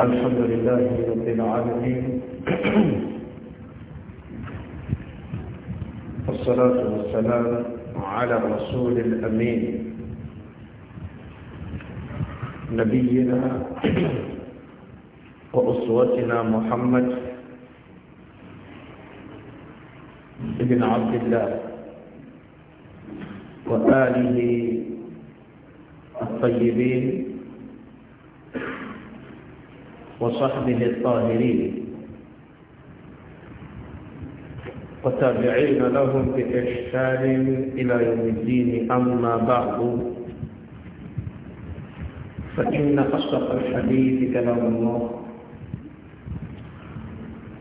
الحمد لله رب العالمين والصلاة والسلام على رسول الأمين نبينا وأسوتنا محمد بن عبد الله وآله الطيبين وصحبه الطاهرين وتابعين لهم بإحسان إلى يوم الدين أما بعد فإن أصدق الحديث كلام الله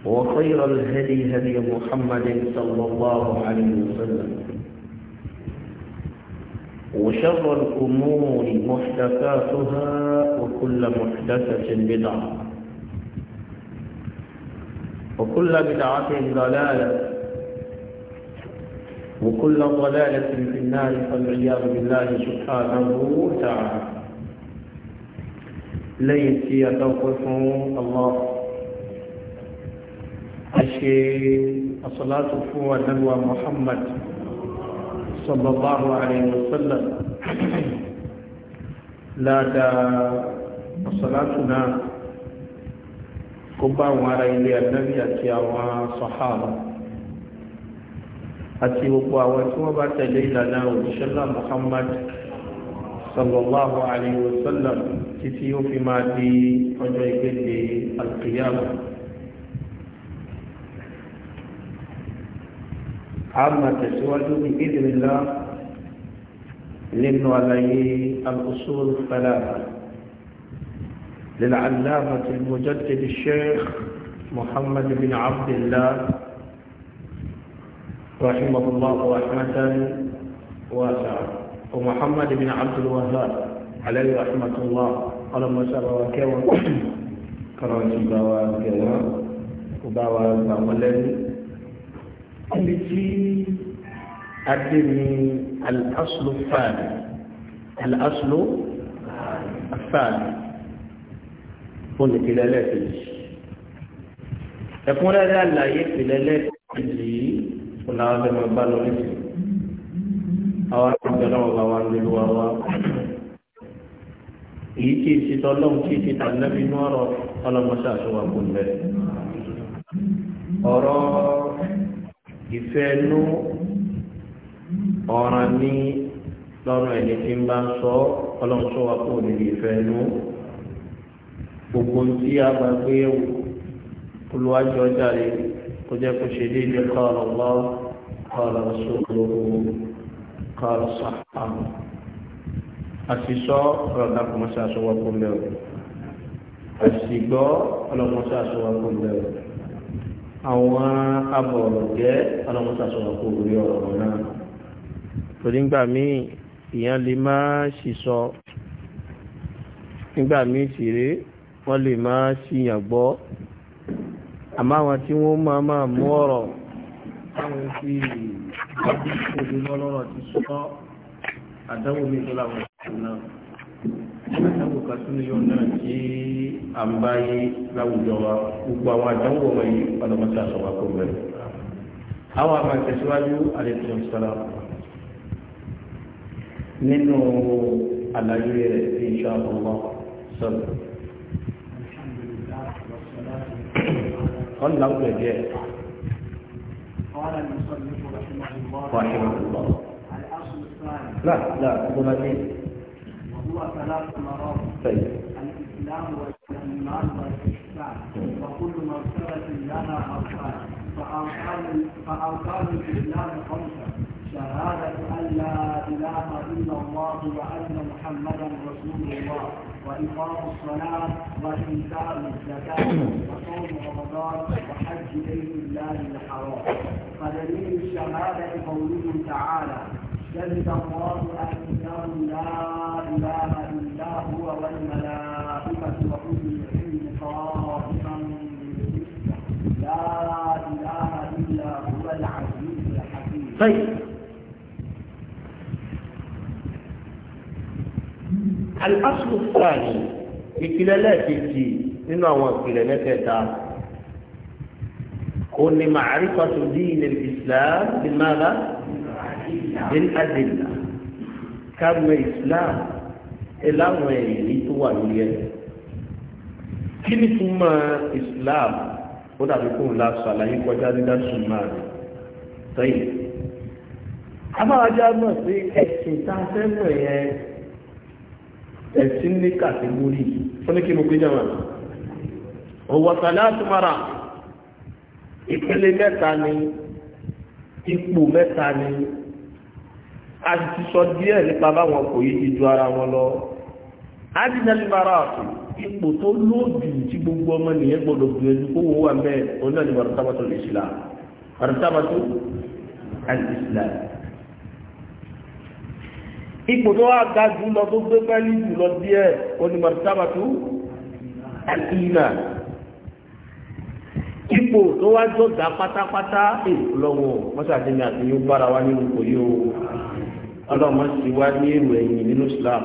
وخير الهدي هدي محمد صلى الله عليه وسلم وشر الأمور محدثاتها وكل محدثة بدعة وكل بدعة ضلالة وكل ضلالة في النار فالعياذ بالله سبحانه وتعالى ليس يتوقف الله أشي الصلاة فوى نبوة محمد صلى الله عليه وسلم لا دا صلاتنا kó bá àwọn ará ilé ànábì àti àwọn sàhábà àti gbogbo àwọn tí wọ́n bá tẹ̀lé ìlànà òṣìṣẹ́lá Muhammad sallallahu alayhi wa sallam títí ó fi máa di ọjọ́ ìgbéde alkiyama a tẹ̀síwájú ní ìdìrìlá nínú àlàyé al-usul thalatha للعلامة المجدد الشيخ محمد بن عبد الله رحمه الله رحمة واسعة ومحمد بن عبد الوهاب عليه رحمة الله قال مسألة وكوا كرانتي باوا كوا وباوا الذي التي أدني الأصل الثاني الأصل الثاني fún ìpìlẹ̀ lẹ́ẹ̀kejì ẹ̀kúnrẹ́rẹ́ àlàyé ìpìlẹ̀ lẹ́ẹ̀kejì yìí fún àwọn ọmọ bá lọ nísìn àwọn àjọ náà bá wà nílùú wa wá èyí tí ì ṣètò ọlọ́run tí ì ṣètò ànábì inú ọ̀rọ̀ ọlọ́mọṣẹ́ àṣọwà kò lẹ̀ ọ̀rọ̀ ìfẹ́ nú ọ̀ràn ní lọ́rùn ẹni tí ń bá ń sọ ọlọ́run ṣọwà kò níbi ìfẹ́ gbogbo tí a bá gbé yẹ̀wò olùwájú ọjà rẹ kó jẹ́ kó ṣe déédéé kọ́ọ̀rọ̀ lọ kọ́ọ̀rọ̀ sókòlówó kọ́ọ̀rọ̀ sàpàmù àṣìṣọ ọlọ́dà kò mọ́ṣá aṣọwọ́ kó lẹ́wọ̀ àṣìgbọ́ ọlọ́mọṣá aṣọwọ́ kó lẹ́wọ̀ àwọn abọ̀rọ̀ jẹ́ ọlọ́mọṣá aṣọwọ́ kó lórí ọ̀rọ̀ náà torí ngbà míì ìyẹn lè má ṣìṣọ nígbà míì sì rèé wọ́n lè máa ṣìyàn gbọ́ àmọ́ àwọn tí wọ́n máa máa mú ọ̀rọ̀ táwọn fi ìgbàgbọ́ lọ́rọ̀ ti sọ àdáwò mi tó láwọn ìṣòro náà àdáwò kan tún ní yóò náà tí à ń bá yé láwùjọ wa gbogbo àwọn àdáwò ọmọ yìí ọlọmọta sọwọ́ kó bẹ̀rẹ̀ àwọn àmà tẹ̀síwájú àlejò sọ́lá nínú àlàyé rẹ̀ insha Allah sọ́lá. قال لو جاء قال المصنف رحمه الله رحمه الله الاصل الثاني لا لا ضمانين وهو ثلاث مرات طيب الاسلام والايمان والاحسان وكل مرتبه لها اركان فاركان فاركان الاسلام خمسه شهادة أن لا إله إلا الله وأن محمدا رسول الله وإقام الصلاة وإيتاء الزكاة وصوم رمضان وحج بيت الله الحرام فدليل الشهادة قوله تعالى شهد الله أنه لا إله إلا هو والملائكة وأولي العلم قائما بالقسط لا إله إلا هو العزيز الحكيم طيب aláṣù fúlàní ìpìlẹ̀ lẹ́ẹ̀kejì nínú àwọn ìpìlẹ̀ mẹ́tẹ̀ẹ̀ta òní màrífàtò dín islam bí mára bí adìlá kámẹ islam ẹ láwọn èyí tó wà lórí ẹ kí ni túmọ̀ islam ó dàbí kóun la sọ àlàyé kọjá dídá túmọ̀ rẹ̀ sẹ́yìn. abáwájá náà pé ẹ̀sìn tá a fẹ́ mọ̀ yẹn ẹ̀sìn ní kàtẹ́górì fún ní kí mo gbé jàmà ọ̀wọ̀sàlẹ̀ àtúmọ̀ra ìpele mẹ́ta ni ipò mẹ́ta ni a ti sọ díẹ̀ nípa báwọn kò yí ti ju ara wọn lọ adínàlìmọ̀ra ipò tó lóòdù tí gbogbo ọmọ nìyẹn gbọdọ̀ gbìyànjú kó wọ́n wà mẹ́ onílẹ̀ ní mọ̀rọ̀tàbàtò ìsìlá mọ̀rọ̀tàbàtò àìsìlá ipò tó wá ga jù lọ tó gbé pẹ́lú jù lọ díẹ̀ onímọ̀tàbàtú àtìmà ipò tó wá jọ̀dá pátápátá ìlọ́wọ́ mọ́sàdínlẹ̀ àti yóò bára wa nínú kò yóò ọlọ́mọ sí wá ní èrò ẹ̀yìn nínú Islam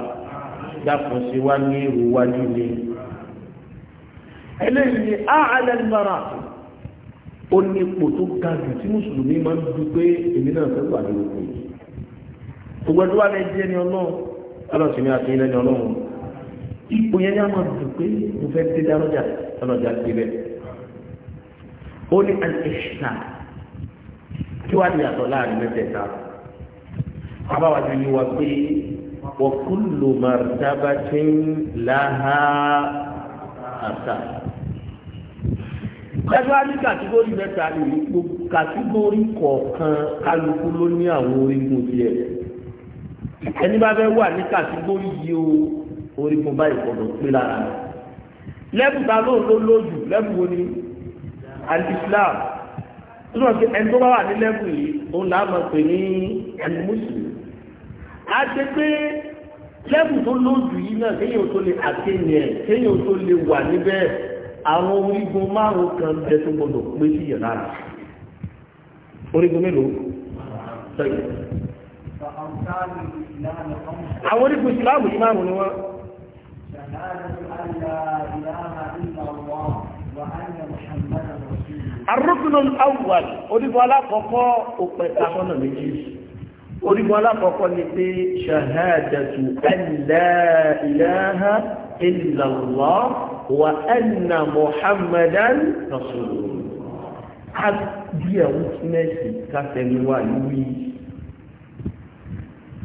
dákun sí wá ní èrò wájú ni eléyìí àálẹ́ mara ó ní ipò tó ga jù tí mùsùlùmí máa ń dúpẹ́ èmi náà fẹ́ wà nínú kò yìí gbogbo ẹni tó wà lẹ́yìn díẹ̀ ní ọlọ́run ọlọ́sìn ní àti ilẹ̀ ní ọlọ́run ipò yẹn ní àwọn àdùn pé mo fẹ́ dé dárọ́jà ọlọ́jà ti rẹ̀ ó ní àìsà kí wàá yàtọ̀ láàrin mẹ́tẹ̀ẹ̀ta àbáwá ti ní wa pé wa kullu martabatin laha àṣà ẹgbẹ́ ní kàtígórì mẹ́ta ní gbogbo kọ̀ọ̀kan kálukú ló ní àwọn orígun tiẹ̀ ẹni bá fẹ́ wà ní kàtígórì yìí o orí mo bá ìkọ̀dọ̀ pé lára rẹ̀ lẹ́bù ta ló ló lójú lẹ́bù wo ni al-Islam tó náà ṣe ẹni tó bá wà ní lẹ́bù yìí òun là á máa pè ní al-Muslim àti pé lẹ́bù tó lójú yìí náà kéèyàn tó lè àkéyìn ẹ̀ kéèyàn tó lè wà níbẹ̀ àwọn orígun márùn kan bẹ tó gbọdọ̀ pé sí yẹ̀ lára orígun mélòó sẹ́yìn àwọn onígun ìsìláàmù yìí márùn-ún ni wọ́n. arúgbìn awwal onígun alákọ̀ọ́kọ́ òpè sàkọ́nà méjì onígun alákọ̀ọ́kọ́ ni pé ṣàhádàtù ẹ̀lá ìlàhà ìlàlọ́ wa ẹ̀nà muhammadan rasulullah. a bí ẹ̀wọ̀n tí mẹ́sì káfẹ́ mi wà lórí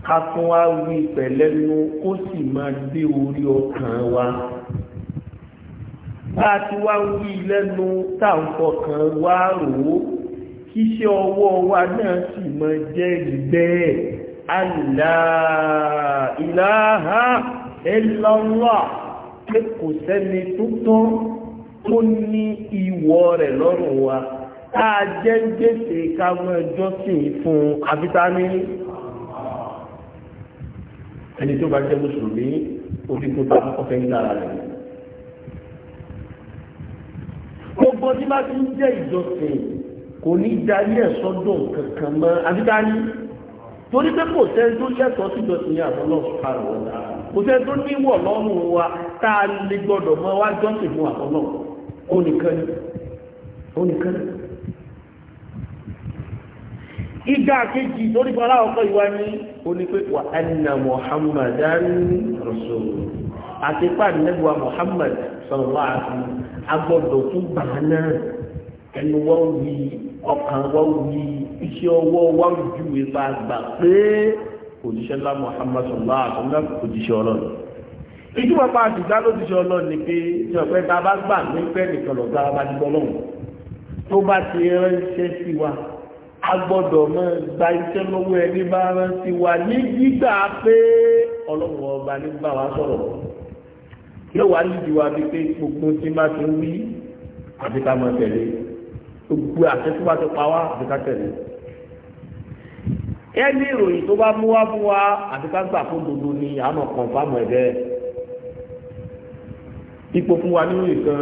ká tún wá wí pẹ̀lẹ́nu kó sì máa dé orí ọkàn wa bá a ti wá wí lẹ́nu táǹkọ̀ kan wá rò ó kí iṣẹ́ ọwọ́ wa náà sì máa jẹ́ bẹ́ẹ̀ aláìláha ẹlọ́lọ́ pé kò sẹ́ni tó tó ní ìwọ rẹ̀ lọ́rùn wa tá a jẹ́ ń gbèsè ká mọ́ ẹjọ́ sí fún abítání ẹni tó bá jẹ́ mùsùlùmí orí tó bá kọ́kọ́ fẹ́ ń dára rẹ̀. gbogbo tí bá ti ń jẹ́ ìjọsìn kò ní darí ẹ̀ sọ́dọ̀ kankan mọ́ àbídání torí pé kò sẹ́ni tó lẹ́tọ̀ọ́ sí ìjọsìn ní àbọ̀ náà sọ̀rọ̀ wọn kò sẹ́ni tó níwọ̀ lọ́rùn wa tá a lè gbọ́dọ̀ mọ́ wá jọ́sìn fún àbọ̀ náà ó nìkan ó nìkan ni igá kejì lórí fún aláwọ̀kọ́ ìwá ní onípẹ́pọ̀ ẹnà Muhammadan rasul àti pàdé nẹ́gbà Muhammad sallallahu alaihi agbọ́dọ̀ tún bà náà ẹnu wọ́n wí ọkàn wọ́n wí iṣẹ́ ọwọ́ wọ́n ju ipa gbà pé òjíṣẹ́ ńlá Muhammad sallallahu alaihi wasallam òjíṣẹ́ ọlọ́run ìjúmọ̀ pa àtìgbà lójíṣẹ́ ọlọ́run ni pé tí ọ̀pẹ́ ta bá gbà ní nìkan lọ́gbà bá ti tó bá ti ránṣẹ́ sí wa a gbọ́dọ̀ mọ́ gba iṣẹ́ lọ́wọ́ ẹni bá rántí wa ní gbígbà pé ọlọ́run ọba ní bá wa sọ̀rọ̀ yóò wá nídìí wa bíi pé gbogbo tí má ti ń wí àti ká máa tẹ̀lé gbogbo àtẹ́tí wa ti pa wá àti ká tẹ̀lé ẹni ìròyìn tó bá mú wá fún wa àti ká gbà fún dodo ni àmọ̀ kàn fáwọn ẹ̀dẹ́ ipò fún wa nínú ìkan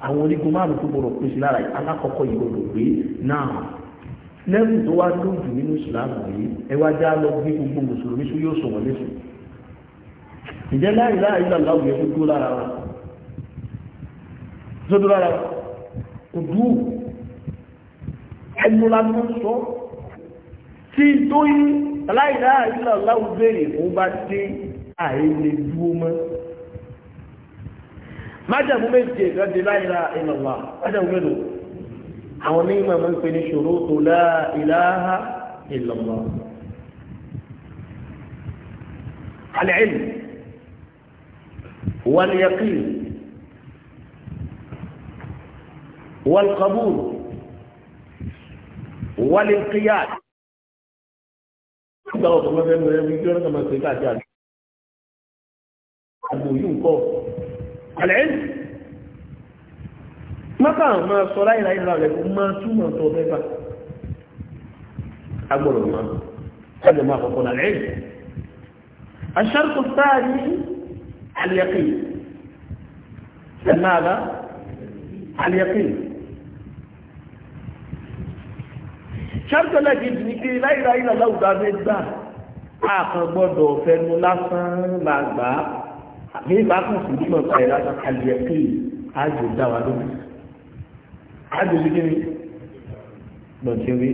àwọn orígun márùn tó gbọdọ̀ pèsè lára yìí alákọ̀ọ́kọ́ yìí gbọdọ̀ pé náà lẹ́rù tó wá lóòjù nínú ìsìlámù yìí ẹ wá já lọ gbé gbogbo mùsùlùmí tó yóò sùn wọlé sùn ǹjẹ́ láì láì lọ́la òye tó dúró lára wa tó dúró lára kò dúró ẹnu la tó sọ tí tó yí láì láì lọ́la òye tó bá dé àìlè dúró mọ́ májàmú méje ìgbàdé la ilaha illallah májàmú mélòó àwọn onímọ̀ máa ń pè ní ṣurutu la ilaha illallah. al-ilm wal-yaqin wal-qabul wal-inqiyad. nígbà wo kò máa fẹ́ mọ ẹni tí wọ́n kà máa ṣe káàkiri yìí ń kọ́ àlẹ́yìn mọ́tà máa sọ láìláì ìlà rẹ̀ kó máa túmọ̀ tó bẹ́ẹ̀ bá agbọ̀rọ̀ máa ẹgbẹ̀ máa kọ̀kọ́ nà lẹ́yìn aṣọ́rùkù sáà ní àlẹ́yìn ẹ̀máàbá àlẹ́yìn ṣọ́rùkù lẹ́yìn ní kí láìláì ìlà láwùdá mẹ́gbà àkàngbọ́dọ̀ fẹnu lásán làgbàá àbí ìbákan sì bímọ pàì lásán àlùyẹ pé àjò dá wa lóbi àjò sí kí ni lọ́jọ́ wí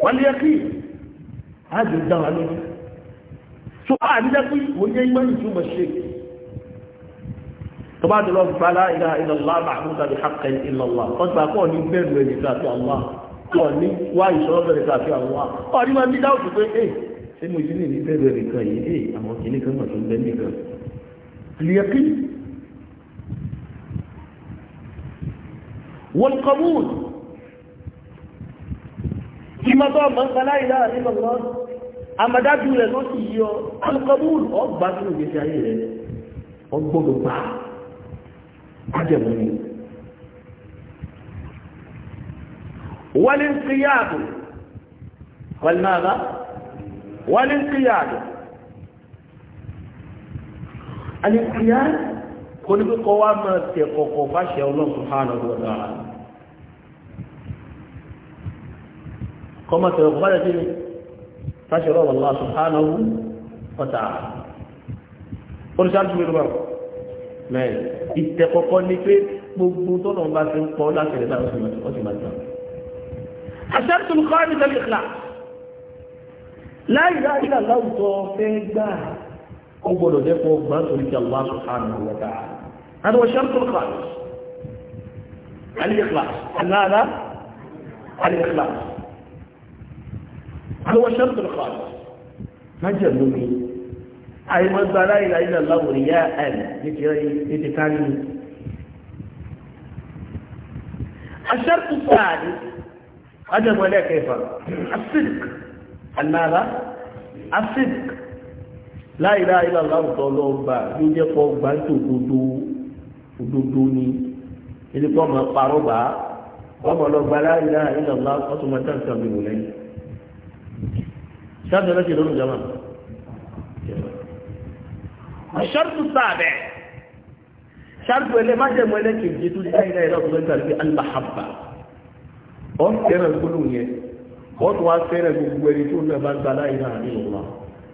wọ́n lè yẹ kí àjò dá wa lóbi tó àdídá pé wọ́n jẹ́ ìmọ̀ ìtumọ̀ ṣe tó bá dọ̀lọ́ fún bala ilaha illallah mahmuda bi haqqin illallah ọgbà kọ́ ní bẹ́ẹ̀rù ẹ̀dẹ̀ tàbí Allah kọ́ ní wá ìṣọ́rọ̀ bẹ̀rẹ̀ tàbí Allah kọ́ ní máa ní dáwọ̀ pé ṣé mo ti lè ní bẹ́ẹ̀ bẹ́ẹ̀ nìkan yìí dé àwọn kìíní kan mà tó ń bẹ́ẹ̀ nìkan àlìyàkí wọ́n kọ́mùn ìmọ̀tọ́ ọmọ nǹkan láì láà nígbà àmàdájú rẹ̀ ló sì yọ alukọ́mùn ọgbà tó lè fi ayé rẹ̀ ọgbọ́dọ̀ gbà ájẹ̀mú ni wọ́n ní ń kíyàbò pẹ̀lú náà wal-inqiyad al-inqiyad kò ní kíkọ́ wá máa tẹ̀ kọ̀kọ̀ bá ṣe ọlọ́run subhanahu wa ta'ala kọ́ máa tẹ̀ kọ̀kọ̀ bá ṣe bá ṣe ọlọ́run Allah subhanahu wa ta'ala oríṣiríṣi mi ló bá wọ̀ mẹ́rin ni pé gbogbo tọ́lọ̀ bá ti ń pọ̀ láti ẹ̀dá ọ̀sìn máa tẹ̀ ọ̀sìn máa tẹ̀ láìlá ìlà إلا fẹ́ gbà ó gbọ́dọ̀ jẹ́kọ́ gbà torí kí هذا هو شرط الخالص الإخلاص الإخلاص هذا هو شرط الخالص ما أي من لا إله إلا الله رياء الشرط الثالث هذا كيف الصدق anára asik láìra ìlàlá ọ̀tọ̀ ọlọ́ọ̀gbà yóò jẹ́ kọ́ gbáǹtò òdodo òdodo ni ilé kọ́ ọmọ parọ́ bá ọmọ ọlọ́gbà láìra ìlàlá ọ̀tọ̀mọ̀ táǹtà mi wò lẹ́yìn. sábẹ́ lọ́sẹ̀ lọ́rùn jama. àṣọ́tù sábẹ́ sáàtù ẹlẹ́ má jẹ́ mọ́ ẹlẹ́kẹ̀ẹ́ jẹ́ tó láìra ìlàlá ọ̀tọ̀mọ̀ táǹtà mi wò lẹ́yìn. ọ̀ wọ́n tún wá fẹ́rẹ̀ gbogbo ẹni tó náà bá gba láyé náà ní ìwà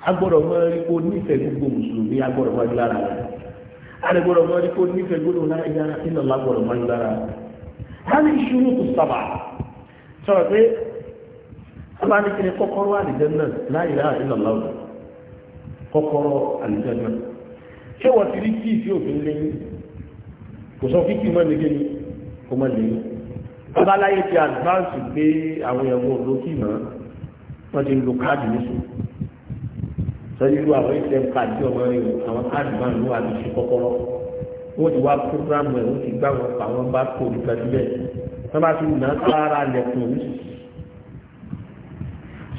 agbọ́dọ̀ mọ́ ẹni kó nífẹ̀ẹ́ gbogbo mùsùlùmí agbọ́dọ̀ mọ́ ẹni lára rẹ̀ agbọ́dọ̀ mọ́ ẹni kó nífẹ̀ẹ́ gbogbo láyé náà nínú agbọ́dọ̀ mọ́ ẹni lára rẹ̀. hali ìṣúrù kò sábà sọ̀rọ̀ pé sábà ní kíni kọ́kọ́rọ́ àlìjẹ́ náà láyé náà nínú aláwọ̀ kọ́kọ́rọ́ àlìjẹ́ náà ṣé wọ́n ti rí kíì sí òfin lé kò sọ kíkì mọ́ abáláyé ti advance gbé àwọn ẹ̀wọ̀n olókì náà wọ́n ti lo káàdì níṣu sọ́jú lu àwọn atm káàdì ọmọ rẹ̀ àwọn káàdì máa ń lo àbíṣe kọ́kọ́rọ́ wọ́n ti wá program ẹ̀ wọ́n ti gbá wọn pa wọn bá kó olùkọ́ síbẹ̀ wọ́n bá ti nà sára lẹ̀kùn òwúṣì.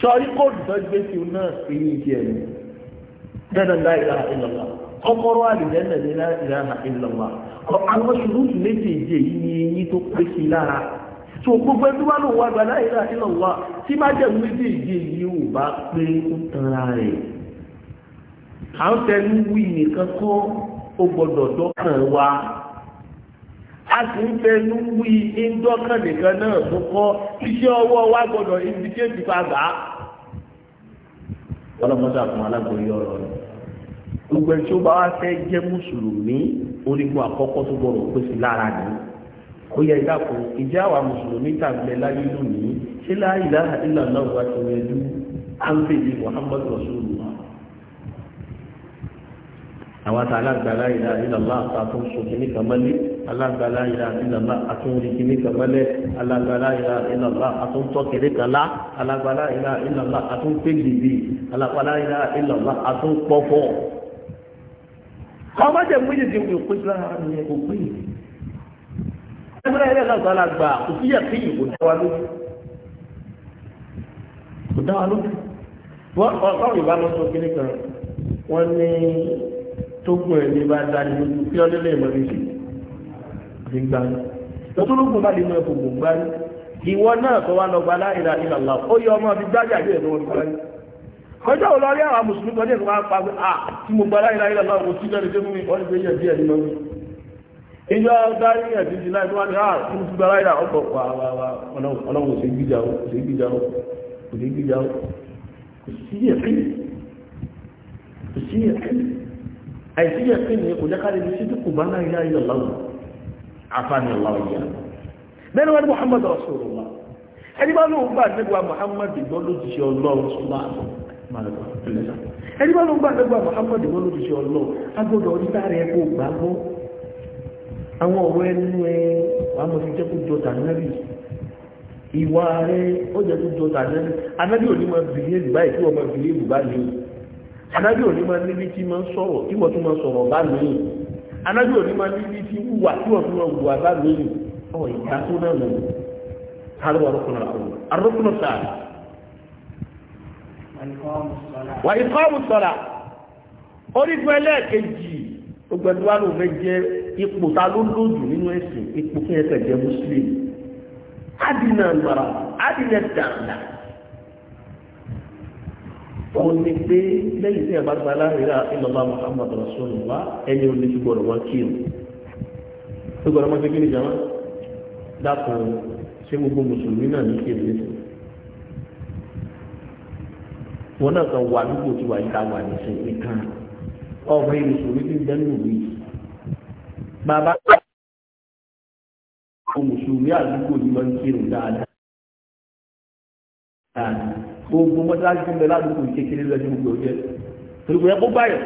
sọ́rí kóòdù tó gbé sí un náà èyí ti ẹ̀ ní dandan la ilaha illallah kọ́kọ́rọ́ àlùjẹ́ náà ní la ilaha illallah àwọn ṣùrùtù tó gbogbo ẹni wà ló wà gbàdá ìlà ìlà wà tí má jẹ́ méjèèjì yìí ò bá pé ó tanra rẹ̀ à ń tẹnu wí nìkan kọ́ ó gbọ́dọ̀ dọ́kàn wa a sì ń fẹnu wí ndọ́kàn nìkan náà tó kọ́ iṣẹ́ ọwọ́ wa gbọ́dọ̀ indikéèdì padà ọlọ́mọdé àfọ̀n alágbóyè ọ̀rọ̀ rẹ̀ gbogbo ẹni tí ó bá wá fẹ́ jẹ́ mùsùlùmí onígun àkọ́kọ́ tó gbọ́dọ̀ pèsè lára nìyí ó yẹ ìdàpọ̀ ìjẹ́ àwa mùsùlùmí tàbí láyé lónìí ṣé la ilaha illallah wa ti rẹ̀ lú ánfèdè Muhammad rasulullah àwọn àti alágbà la ilaha illallah àtàtún sọ kìíní kan mọ́lé alágbà la ilaha illallah àtúnrí kìíní kan mọ́lé alágbà la ilaha illallah àtúntọ́ kìíní kan lá alágbà la ilaha illallah àtúnpé gbèbè ọmọdé mú ìdí agbára ẹ̀rẹ́ náà sọ́la gbà kò sí yàtìyìn kò dá wa lójú kò dá wa lójú wọ́n ọ̀rọ̀ ìbámu sọ kíní kan wọ́n ní tógun ẹni bá dání lójú kí ọdún lè mọ̀ níbi ní gbani lọ́tọ́lógún bá lè mọ ẹ̀kọ́ gbò gbani ìwọ náà tó wá lọ gba láìra ìlàlá ó yẹ ọmọ bíi gbájà bí ẹ̀rọ gbani kọjá ò lọ rí àwọn mùsùlùmí kan ní ẹ̀kọ́ wá pa gba láìra ìlàlá òun ìjọ dárí ẹ̀sì ti láì tó wá ní ah, ti gbára ìdá ọ̀pọ̀ pa ọlọ́run òsè gbíjà ó òsè gbíjà ó òsè gbíjà ó kò sí ẹ̀kín àìsí ẹ̀kín ni kò ní títí kò bá náà ilẹ̀ ní ọlọ́run àwọn ọ̀rọ̀ ẹnu ẹ wà mọ̀ sí jẹ́kú ìwà rẹ ó jẹ́kú jọ tànẹ́bì anábì òní ma bìlíèdì báyìí tí wọ́n máa bìlíèdì báyìí anábì òní ma níbi tí máa sọ̀rọ̀ tí wọ́n tún máa sọ̀rọ̀ báyìí anábì òní ma níbi tí wùwà tí wọ́n tún wùwà ọ̀ ìyá tó náà wà àmùsọ̀rà jẹ́ ipò ta ló lójú nínú ẹ̀sìn ipò kí ẹ̀kẹ́ jẹ́ muslim adìnà gbàrà adìnà dàgbà òun ni pé lẹ́yìn tí ẹ̀bá gba aláìlá ìlọ́lá muhammad rasulullah ẹni ò ní gbọ́dọ̀ wọn kí o ó gbọ́dọ̀ wọn kékeré jama dákun ṣé gbogbo mùsùlùmí náà ní kí èmi wọn náà kan wà nígbò tí wàá yíká wà ní sùn nìkan ọmọ ìlú sùn dẹ́nu wíì bàbá àwọn mùsùlùmí àdúgbò yìí máa ń kírun dáadáa gbogbo mọ́tíláṣí tó ń bẹ ládùúgbò yìí kékeré lọ́jọ́ gbogbo ọjọ́ torí kò yẹ kó báyọ̀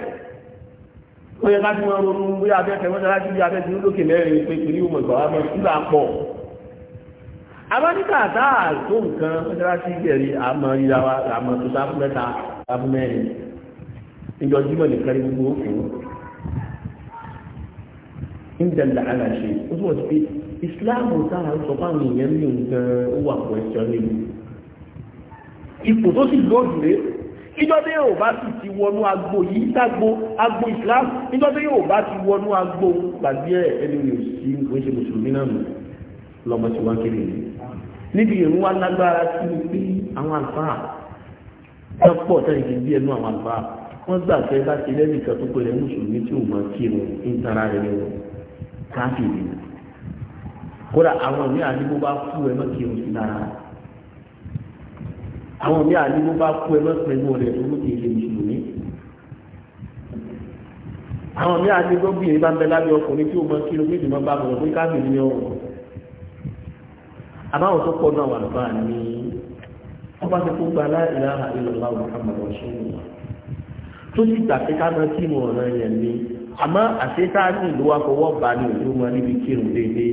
ó yẹ ká tí wọ́n ronú bóyá abẹ́fẹ́ mọ́tíláṣí bí abẹ́fẹ́ lókè mẹ́rin pé kiri ìwọ̀n ìgbà wa mọ́ nígbà pọ̀ amẹ́ríkà tá a tó nǹkan mọ́tíláṣí ìgbẹ̀rí àmọ́ ìyá wa àmọ́ tó sáfù mẹ́ta sáfù mẹ́rin ìjọ jímọ̀ nìkan ní gbogbo òkú ń dẹ̀lẹ̀ aláṣẹ ó túnbọ̀ sí pé ìsìláàmù táà ń sọ fáwọn èèyàn ní nǹkan ó wà pọ̀ ẹ̀ṣọ́ nínú ipò tó sì lóòdù rẹ̀ ìjọdé yóò bá sì ti wọnú agbo yìí dágbo agbo Islam ìjọdé yóò bá ti wọnú agbo gbàgbé ẹni rẹ̀ sí wọ́n ṣe mùsùlùmí náà nù lọ́mọ tí wọ́n kéré ni níbi ìrún wa lágbára sí ni pé àwọn àlùfáà wọ́n pọ̀ tẹ́lẹ̀ kí bí ẹnu àwọn àlùfáà wọ́n gbà fẹ́ bá ti lẹ́nìkan tó pẹ̀lẹ́ mùsùlùmí tí ò mọ̀ kírun ń tara rẹ̀ wọn káfíìnì kódà àwọn mi àdìgbò bá kú ẹ mọ́ kí o sì lára àwọn mi àdìgbò bá kú ẹ mọ́ pẹ̀lú ọ̀rẹ́ tó mú kí ilé mùsùlùmí àwọn mi àdìgbò bí èyí bá ń bẹ lábẹ́ ọkùnrin tí o mọ kí o méjì mọ́ bá bọ̀ pé káfíìnì ni ọ̀rọ̀ àbáwọn tó pọ̀ náà wà lọ́ba ní wọ́n bá ti kó gba aláìláha ìlọ́lá Muhammad ọ̀ṣun tó sì gbà pé ká mọ́ kí mo ọ̀ràn yẹn ní àmọ́ àṣetáàní ìlú wa fọwọ́ bá ní òjò wọn níbi kírun déédéé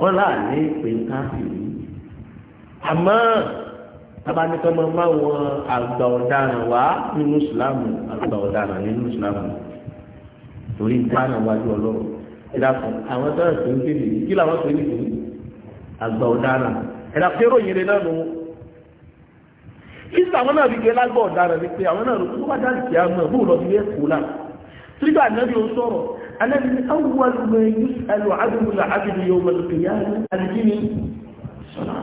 wọn là ní pé ń káfíìrì àmọ́ tabanikọ́ máa máa wọn àgbà ọ̀daràn wá nínú ìsìlámù àgbà ọ̀daràn nínú ìsìlámù torí ìpáná wájú ọlọ́run ìdàpọ̀ àwọn tó ń sọ ní kébì kí làwọn sọ ní kébì àgbà ọ̀daràn ìdàpọ̀ èrò yìí rẹ̀ náà nù kí sàwọn náà fi gé lágbà ọ̀daràn ni pé àwọn náà ló kó wá dáàbì kí á mọ̀ bóòlù ọdún sígbà ànábì ó sọ̀rọ̀ ànábì ma yus'alu 'anhu al-'abdu al-qiyamah àdìgínì sọ̀rọ̀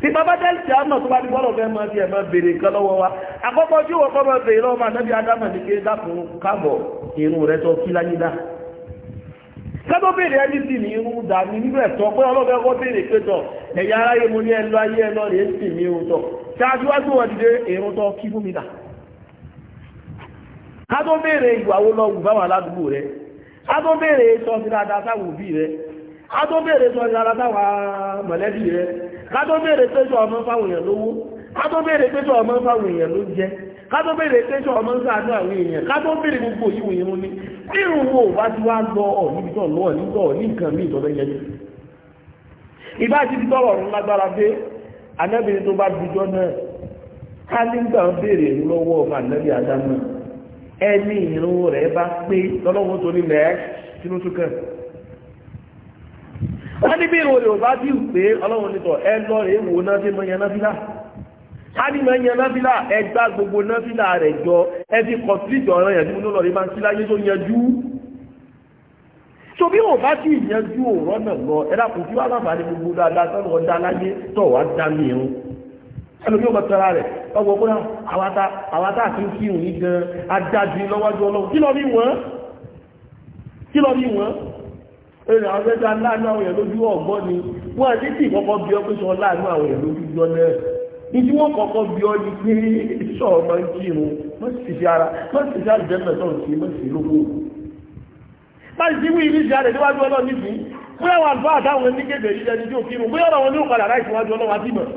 tí bàbá dẹ́lì tí a na. tó bá ní bọ́lọ̀ fẹ́ máa fi ẹ̀ máa béèrè nǹkan lọ́wọ́ wa àkọ́kọ́ tí wọ́n kọ́ máa béèrè lọ́wọ́ máa nábì adámà ní pé dákun káàbọ̀ irun a tó béèrè lọ wù báwọn aládùúgbò rẹ a tó béèrè sọ dáadáa sáwọn òbí rẹ a tó béèrè sọ dáadáa sáwọn rẹ a tó béèrè péjọ ọmọ fáwọn èèyàn lówó a tó béèrè ọmọ fáwọn èèyàn ló jẹ ká tó béèrè péjọ ọmọ sáàdú àwọn èèyàn tó béèrè gbogbo ìwò yẹn irun wo wá lọ níbi tó ní nǹkan mí yẹn ti ẹni ìrun rẹ̀ bá pé lọ́lọ́wọ́ tó ní mẹ́ẹ̀ẹ́ sínú túnkẹ̀ wọ́n ní bí ìrun rẹ̀ ò bá bí pé ọlọ́run nítọ̀ ẹ lọ rẹ̀ wò náà tí mọ́ yẹn náfílà a ní mọ́ yẹn náfílà ẹ gbá gbogbo náfílà rẹ̀ jọ ẹ ti kọ̀tíjọ ọ̀ràn yẹn tí mo lọ́rẹ̀ máa ń sí láyé tó yanjú so bí ò bá tí ìyanjú òrọ́ náà lọ ẹ dàpọ̀ tí wọ́n á láǹfààní gbogbo dáadáa sọ́nà ọ̀dá láyé tọ̀ wá dá mi ìrun ẹlòmí ò bàtàrà rẹ̀ ọgbọ̀n kó náà àwátá àwátá àti kí ìrùn yìí gan adájú lọ́wọ́jú ọlọ́run kí lọ bí wọ́n kí lọ bí wọ́n ẹ̀rọ àwọn ẹgbẹ́ aláàánú àwọn èèyàn lójú ọ̀gbọ́ ni wọ́n àti tí ìkọ́kọ́ bí ọ pé sọ láàánú àwọn èèyàn lójú jọ náà ní tí wọ́n kọ́kọ́ bí ọ ní pé sọ ọmọ ń kírun wọ́n sì fi ara wọ́n sì fi àjẹ́ mẹ́tọ́ sí wọ́n sì lówó láti ti wí ìrísí àrẹ̀ níwájú ọlọ́run nídìí bóyá wà lọ́wọ́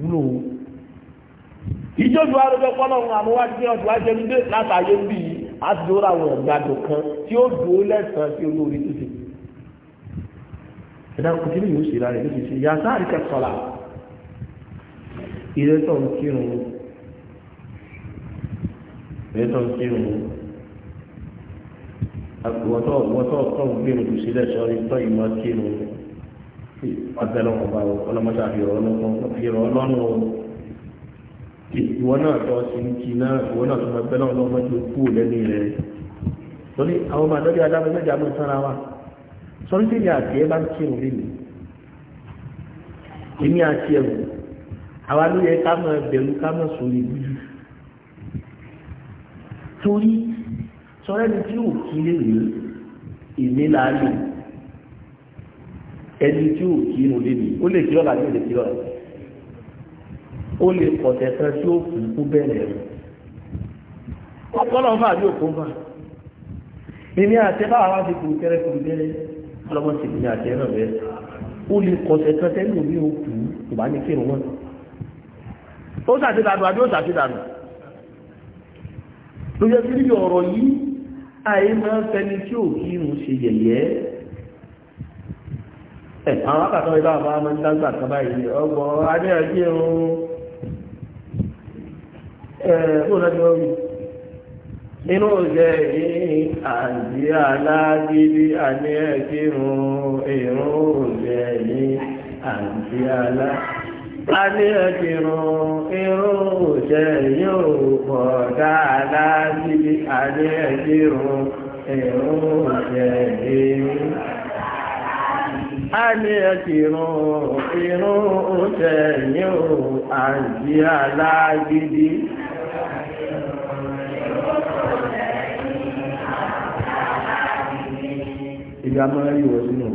wúlò o ìjọ ìlú arúgbó kọlọ́run àwọn wá sí ọdún ajẹnudé látàyé ń bì í àdúrà àwọn ọ̀gbàdùn kan tí ó dùn ó lẹ́sàn-án sí olórí tó ti. ẹ̀dá kò kíni yóò ṣe ra rẹ̀ lóṣìṣẹ́ ìyá sáàrí kẹsọ̀lá ìrẹ́tọ̀ ń kírun ìrẹ́tọ̀ ń kírun wọ́tọ̀ wọ́tọ̀ tó ń gbèrò sílẹ̀ sọ́rí tó ìmọ̀ kírun ọ̀tẹ̀lọ́ ọba ọlọ́mọṣà fi rọ ọlọ́run fi rọ ọlọ́run o ìwọ náà tọ́ sí ń kí náà ìwọ náà tún ẹgbẹ́ náà lọ́mọ tó kú lẹ́nu rẹ̀ torí àwọn ọmọ àdọ́jọ́ adáfẹ́ mẹ́ta mọ́ sára wa sọ́rí tí ìyá àti ẹ bá ń kírun lémi èmi àti ẹ̀wù àwa ló yẹ ká máa bẹ̀rù ká máa sọ ìlú jù torí sọ́rẹ́ni tí ò kí lè rí èmi láàárín ẹni tí ò kí inú lé ní ó lè kí lọ́la ní ó lè kí lọ́la ó lè kọ̀tẹ̀ kan tí ó kún kú bẹ̀rẹ̀ rẹ̀ ọpọlọ fà bí òkun fà ìní àtẹ bá wá fi kù tẹrẹ kù tẹrẹ ọlọmọ sì ní àtẹ náà bẹ ó lè kọ̀tẹ̀ kan tẹ́lẹ̀ òní òkú kò bá ní kírun wọn ó ṣàtìdànù àbí ó ṣàtìdànù lóye sí ọ̀rọ̀ yìí àyè máa ń fẹni tí ò kí inú ṣe yẹ̀yẹ́ àwọn akàtọ̀ ìbá àbá máa ń dágbà kan ọgbọ̀ adéyàjí ohun ẹ̀ẹ́gbọ́nàjọ́rí inú òjẹ́ yìí àti alágídí àní ẹ̀kí rún ìrún òjẹ́ alá àní ẹ̀kí rún ìrún òjẹ́ yóò pọ̀ dáadáa síbi àní ẹ̀kí rún àní ẹ̀kìrún ìrún oúnjẹ ní o àjí máa yíwọ sínú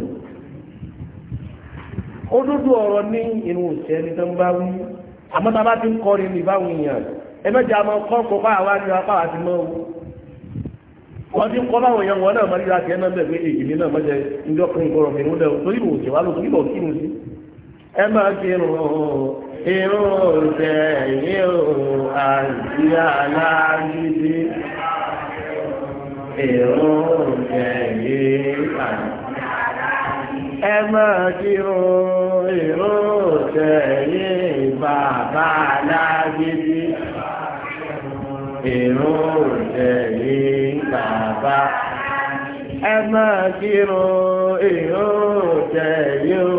òdodo ọ̀rọ̀ ní inú òṣìṣẹ́ ní tó bá wí àmọ́ bá ti ń kọrin ní èèyàn kọ́ ní wọ́n ti ń kọ́ láwọn èèyàn wọn náà máa ríra kẹ́ẹ́ náà bẹ̀ pé èyí náà máa jẹ ìjọ kan ìkọrọ̀ mi nílẹ̀ tó ìlú òsè wá ló kí lọ kí ló sí. ẹ máa fi rùn irun òsè irun àti aláàbíbí irun òsè irun àti ẹ máa fi rùn irun òsè irun bàbá aláàbíbí kírun lẹ́yìn bàbá. ẹ máa kírun ìrun tẹ̀yìn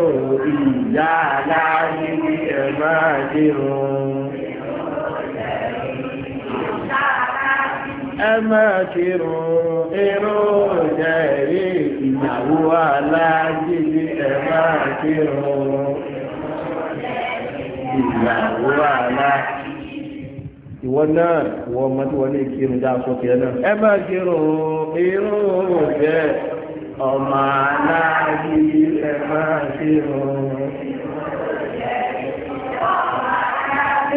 ìyá aláyé ẹ máa kírun. ẹ máa kírun irun jẹ̀rí ìyàwó aláàjì ẹ máa kírun ìyàwó aláàjì ìwọ náà ìwọ ọmọ tí wọ́n ní kírun dá aṣọ tiẹ̀ náà ẹ bá kírun irun jẹ́ ọmọ aláàbí ẹ bá kírun.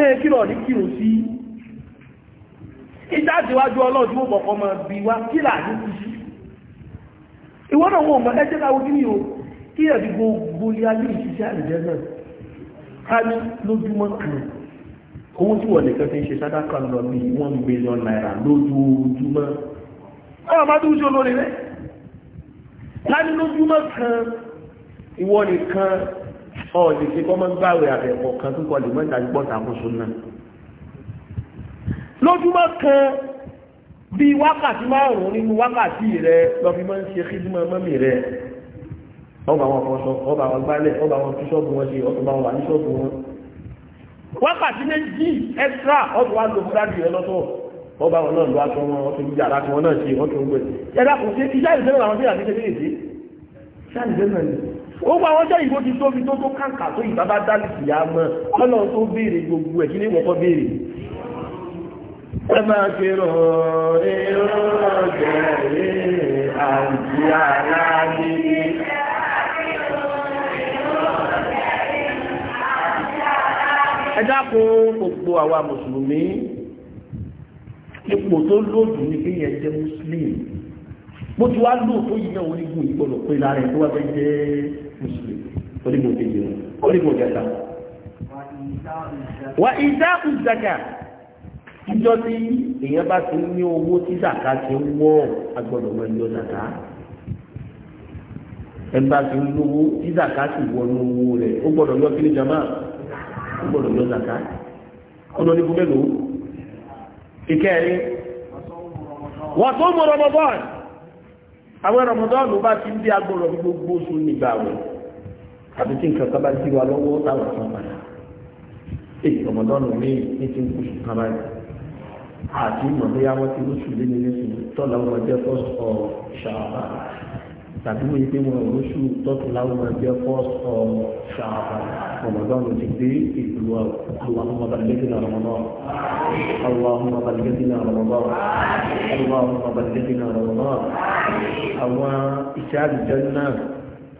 ẹ kírọ̀ ní kírun sí ìdájúwájú ọlọ́dún ó bọ̀kọ́ mọ̀ bí wá kílà ní kú sí ìwọ náà wọ́n mọ̀ ẹjẹ́ láwọ́ kí ní o kí ẹ̀dí gbogbo ilé ayé ìṣiṣẹ́ àlùjẹ́ náà ká ní lójúmọ́ kan owó tí wọ́n nìkan ti ń ṣe sádàkà lọ bí one million naira lójoojúmọ́ ọ̀rọ̀ máa dúró sí olórí rẹ̀ láti lójúmọ́ kan ìwọ nìkan ọ̀ọ̀dì tí kọ́ máa ń gbàwẹ̀ àbẹ̀kọ̀ kan tó kọlù mẹ́ta gbọ́ta àkóso náà lójúmọ́ kan bí wákàtí márùn-ún nínú wákàtí rẹ lọ fi máa ń ṣe kíjúmọ́ mọ́mì rẹ ọba wọn fọṣọ ọba wọn gbálẹ̀ ọba wọn tú ṣọ́ọ̀bù wọn ṣe ọba wọn wà ní ṣọ́ọ̀bù wọn wákàtí méjì extra ọdún wa lò fúlàdì rẹ lọ́tọ̀ ọba wọn náà lọ aṣọ wọn ọtún ìjà ara wọn náà ṣe ọtún gbé yàrá kò ṣe iṣẹ́ ìṣẹ́ náà àwọn tí àti ṣe léèdè iṣẹ́ ìṣẹ́ náà ni ó gba àwọn ọjọ́ ìbò ti tóbi tó tó kàǹkà tó ìbábá dálì sí ya mọ́ ọlọ́ tó béèrè gbogbo ẹ̀ kí ní wọ́n kọ́ béèrè ẹ máa ṣe rọ̀ ẹ́ rọ̀ jẹ́ àjẹ́ ẹ dákun gbogbo àwa mùsùlùmí ipò tó lòdù ní kí yẹn jẹ́ muslim bó ti wá lò tó yìí náà onígun yìí gbọdọ̀ pé lára ẹ̀ tó wá fẹ́ jẹ́ muslim onígun kejì wọn onígun kẹta. wà ìdá ìzàkà ìjọ tí èèyàn bá ti ní owó tí zàkà ti ń wọ́ agbọ́dọ̀ mọ ẹyọ zàkà ẹ̀ bá ti ń lówó tí zàkà ti wọ́n owó rẹ̀ ó gbọ́dọ̀ yọ kí gbọ́dọ̀ yọ zaka ọdún onígun mélòó ìkẹrin wọ́n tó mú Ramadan àwọn Ramadan bá ti ń bí agbọ́rọ̀ gbogbo oṣù nígbà wẹ̀ àti tí nǹkan kan bá ti wà lọ́wọ́ táwọn kan padà èyí Ramadan ní ní ti ń kú sùn kan báyìí àti ìmọ̀ bóyá ti lóṣù lé nílé sùn tọ́lá wọn jẹ́ first of ṣàbà tàbí wọ́n yí pé wọn lóṣù tọ́tù láwọn jẹ́ first of ṣàbà. رمضان تكذيب في كل وقت اللهم بلغنا رمضان اللهم بلغنا رمضان اللهم بلغنا رمضان àwọn iṣẹ́ àdìjẹ́ náà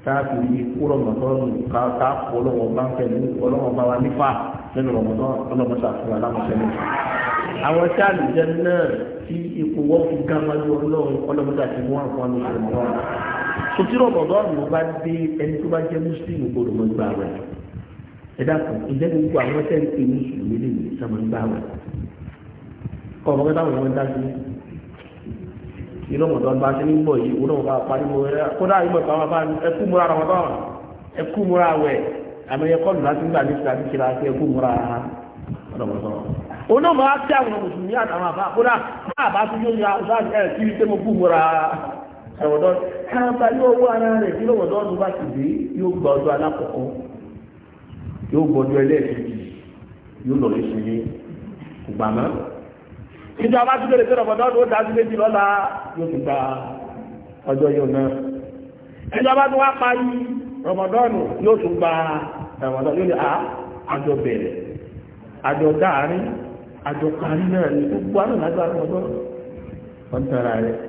táàkì ikú rọmọdọ́nù káàkà ọlọ́wọ́ bá ń pẹ̀lú ọlọ́wọ́ bá wa nífà nínú rọmọdọ́nù ọlọ́wọ́ sàfihàn alámọ̀sẹ́lẹ̀. àwọn iṣẹ́ àdìjẹ́ náà tí ipò wọ́n fi gá wájú ọlọ́run ọlọ́wọ́ sàfihàn wọn fún àwọn rọmọdọ́nù. sotí rọmọdọ́nù ló bá dé ẹni tó bá jẹ́ mùsùlùmí gbọdọ̀ mọ́ gbà rẹ̀ ẹ dákun ìjẹ́ gbogbo àwọn tẹ́ ń pè ní ìṣòro lè ní sọmọ nígbà wọn kọ́ ọ̀bọ̀n kẹta wọn dá sí irú ọmọdé ọba tí ní bọ̀ yìí wọn bá parí mọ ẹ kódà ìmọ̀ ìpamọ́ bá ẹkú múra ọmọ bá wọn ẹkú múra wẹ̀ àmì ẹkọ́ lù láti gbà ní ìṣúra ti ṣẹlá sí ẹkú múra ọmọ bá wọn. òun náà máa tẹ àwọn mùsùlùmí àtàwọn àbá kódà bá àbá tó yóò ya ọ̀sán ẹ̀ kí ní sẹ́mo kú múra ọmọdé káàbà yóò wọ ara rẹ̀ kí lọ́mọdé ọdún bá ti dé yóò gba ọdún alákọ̀ọ́ yóò gbọdọ ẹlẹ́ẹ̀kejì yóò lọ lé sinmi ìgbà náà níta bá tún lè sí méjì lọ́la yóò ti gba ọjọ́ yóò náà níta wá parí rọ̀bọ̀dọ́ nù yóò tún gba ọjọ yóò a ah, àjọ bẹ̀rẹ̀ náà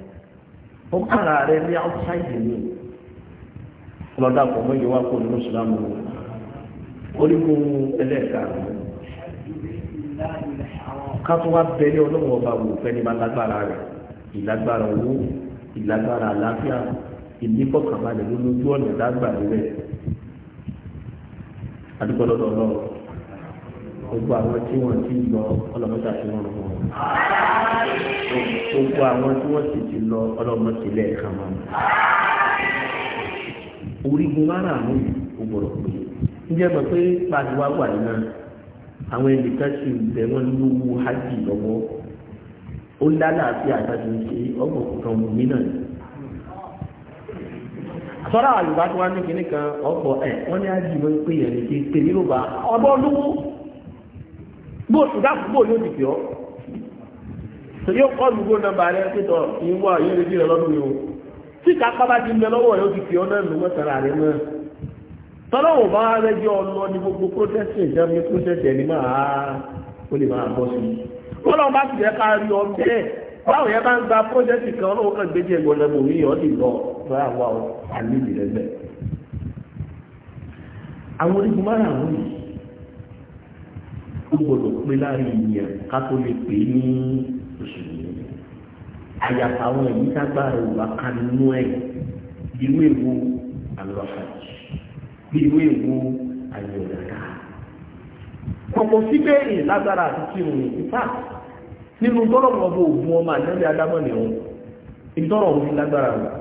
ó kára rẹ ní outside mi lọ́dà kò mọ́ ìyẹ́wà kò nínú ìsìlámù orígun ẹlẹ́ẹ̀karùn-ún ká tó wá bẹ̀rẹ̀ ọlọ́run ọba wò fẹ́ ní bá lágbára rẹ̀ ìlágbára owó ìlágbára àlàáfíà ìdíkọ̀kànbalẹ̀ lójú ọ̀nà lágbàá rẹ̀ adúgbò lọ́dọ̀ ọlọ́run. gbogbo àwọn tí wọn ti lọ ọlọ́mọdé àti wọn lọ gbogbo àwọn tí wọ́n sì ti lọ ọlọ́mọdé lẹ́ẹ̀kan orígun mara àwọn ògbọ̀rọ̀ pé ǹjẹ́ mọ̀ pé pàdùwà wà àwọn ẹnìkan hajj ó ń ṣe kan náà kan ọ̀pọ̀ ẹ̀ wọ́n ní pé yẹn ní kí bó ìdáàbò bó yóò dìbì ọ́ tó yóò kọ́ lùgbò nọ́mbà rẹ títọ̀ ìwọ yóò lè dìrẹ̀ lọ́dún yìí o tí kápá bá ti mẹ lọ́wọ́ yóò dìbì ọ́ náà lùmọ́ tara rẹ mọ́ tọ́lọ́wọ́ bá rẹ jẹ́ ọlọ́ ní gbogbo protest ìjọba ní protest ẹni máa ó lè máa bọ́ sí i kọ́lọ́wọ́ bá ti jẹ́ ká rí ọ bẹ́ẹ̀ báwo yẹn bá ń gba protest kan ọlọ́wọ́ kan gbé jẹ́ ìgbọ̀nà bòmí ọ̀ ti lọ ó gbọdọ̀ pé láàrin ìyẹn ká tó lè pè é ní mùsùlùmí àyàfà àwọn èyí tágbà rẹ̀ wà ká nínú ẹ̀ irú èwo àlọ́fàjì bí irú èwo àyọ̀dàdà kọ̀pọ̀ síbẹ̀ ìlágbára àti kírun ìfà nínú tọ́lọ̀ ọmọ ògùn ọmọ àjẹ́lẹ̀ adámọ̀nì ọ̀hún ìtọ́rọ̀ òun lágbára rẹ̀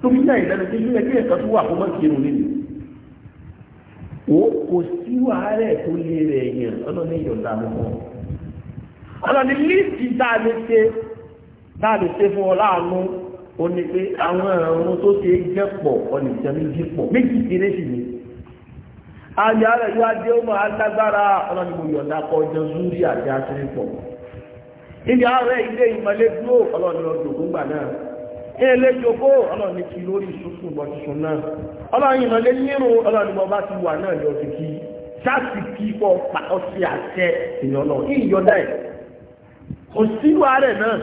tó fi jẹ́ ìlẹ́nu tí ẹgbẹ́ ẹ̀ka tó wà fún mọ́kìrún nínú kò sí wàhálẹ̀ tó lé rẹ̀ yẹn ọ̀nà ìyọ̀dà mọ́ ọlọ́ni ọ̀nà dáadé ṣe dáadé fún ọ láàánú ó ní pé àwọn ẹ̀rọ tó ṣe jẹ́ pọ̀ ọ̀nà méjì pọ̀ méjì kéré sì ni yóò adé ó máa dágbára mo kọ zúrí àti àṣírí pọ̀ ilé ele ọlọ́run ní ti lórí ìṣúkú ìbọ̀tìṣùn náà ọlọ́run ìmọ̀ nírò ọlọ́run bọ́ bá ti wà náà yọ sí kí sáàsì kí pọ̀ pa ọsẹ àṣẹ èèyàn náà ẹ̀ kò sí wà rẹ̀ náà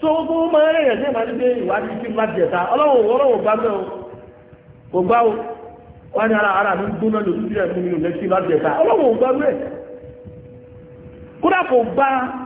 tó ó máa rẹ̀ yẹn máa ìwádìí bá ní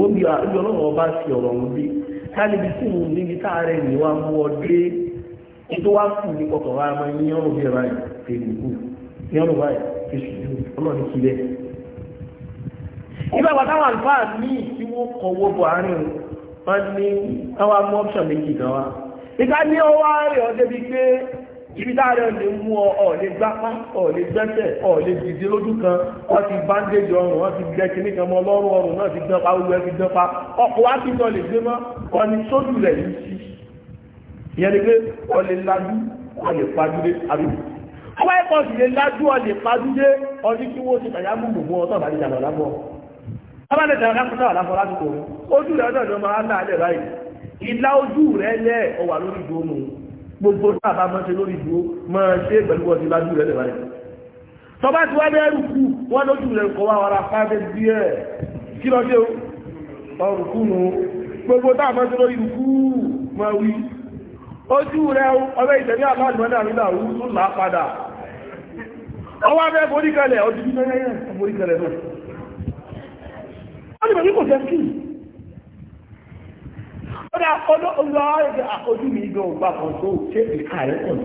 obi àjọ ọba sí ọ̀rọ̀ ọ̀hún bí kálíbi tí mo níbi táàrẹ ní mú ọ dé tó wá kù ní wa máa ní ọ̀rọ̀ bí ẹ̀rọ yìí fi nìkú ní fi sùdú ọlọ́ọ̀ni kí lẹ̀. ìgbà wàtá wà nípa ní ìsíwó kọ̀wọ́ buhari wọn ní káwa mú wa. ibi láàárẹ̀ lè mú ọ ọ lè gbápá ọ lè gbẹ́sẹ̀ ọ lè dìde lójú kan wọ́n ti bandage ọrùn wọ́n ti gbẹ́ kíní kan mọ́ lọ́rùn ọrùn náà ti dán pa owó ẹ ti dán pa ọkọ̀ wá sí ọ lè gbé mọ́ ọ ní sójú rẹ̀ yìí sí ìyẹn ni pé ọ lè lajú ọ lè padúdé àbí ọwọ́ ẹ̀kọ́ sì lè lajú ọ lè padúdé ọ ní kí wọ́n ti tàyà mú gbogbo ọtọ́ àbájáde àlọ́ lábọ́ abájáde àlọ́ lábọ́ lásìkò ojú rẹ̀ náà gbogbo náà bá mọ́ ṣe lórí ìdúró mọ́ ṣe pẹ̀lú wọn ti lájú rẹ̀ lẹ̀ báyìí tọ́ba ti wá bẹ́ẹ̀rù kú wọ́n lójú rẹ̀ kọ́ wá wàrà fáfẹ́ díẹ̀ kí lọ ṣe ọrùn kú nù gbogbo náà mọ́ ṣe lórí ìdúkú mọ́ wí ojú rẹ̀ ọbẹ̀ ìtẹ̀lé àbájúmọ́dà nígbà wú tó là padà ọwọ́ abẹ́ foríkalẹ̀ ọdún kódà ọdún onye ẹgbẹ́ àkójú mi gan ọgbà kan tó ṣe ìka rẹ̀ pọ̀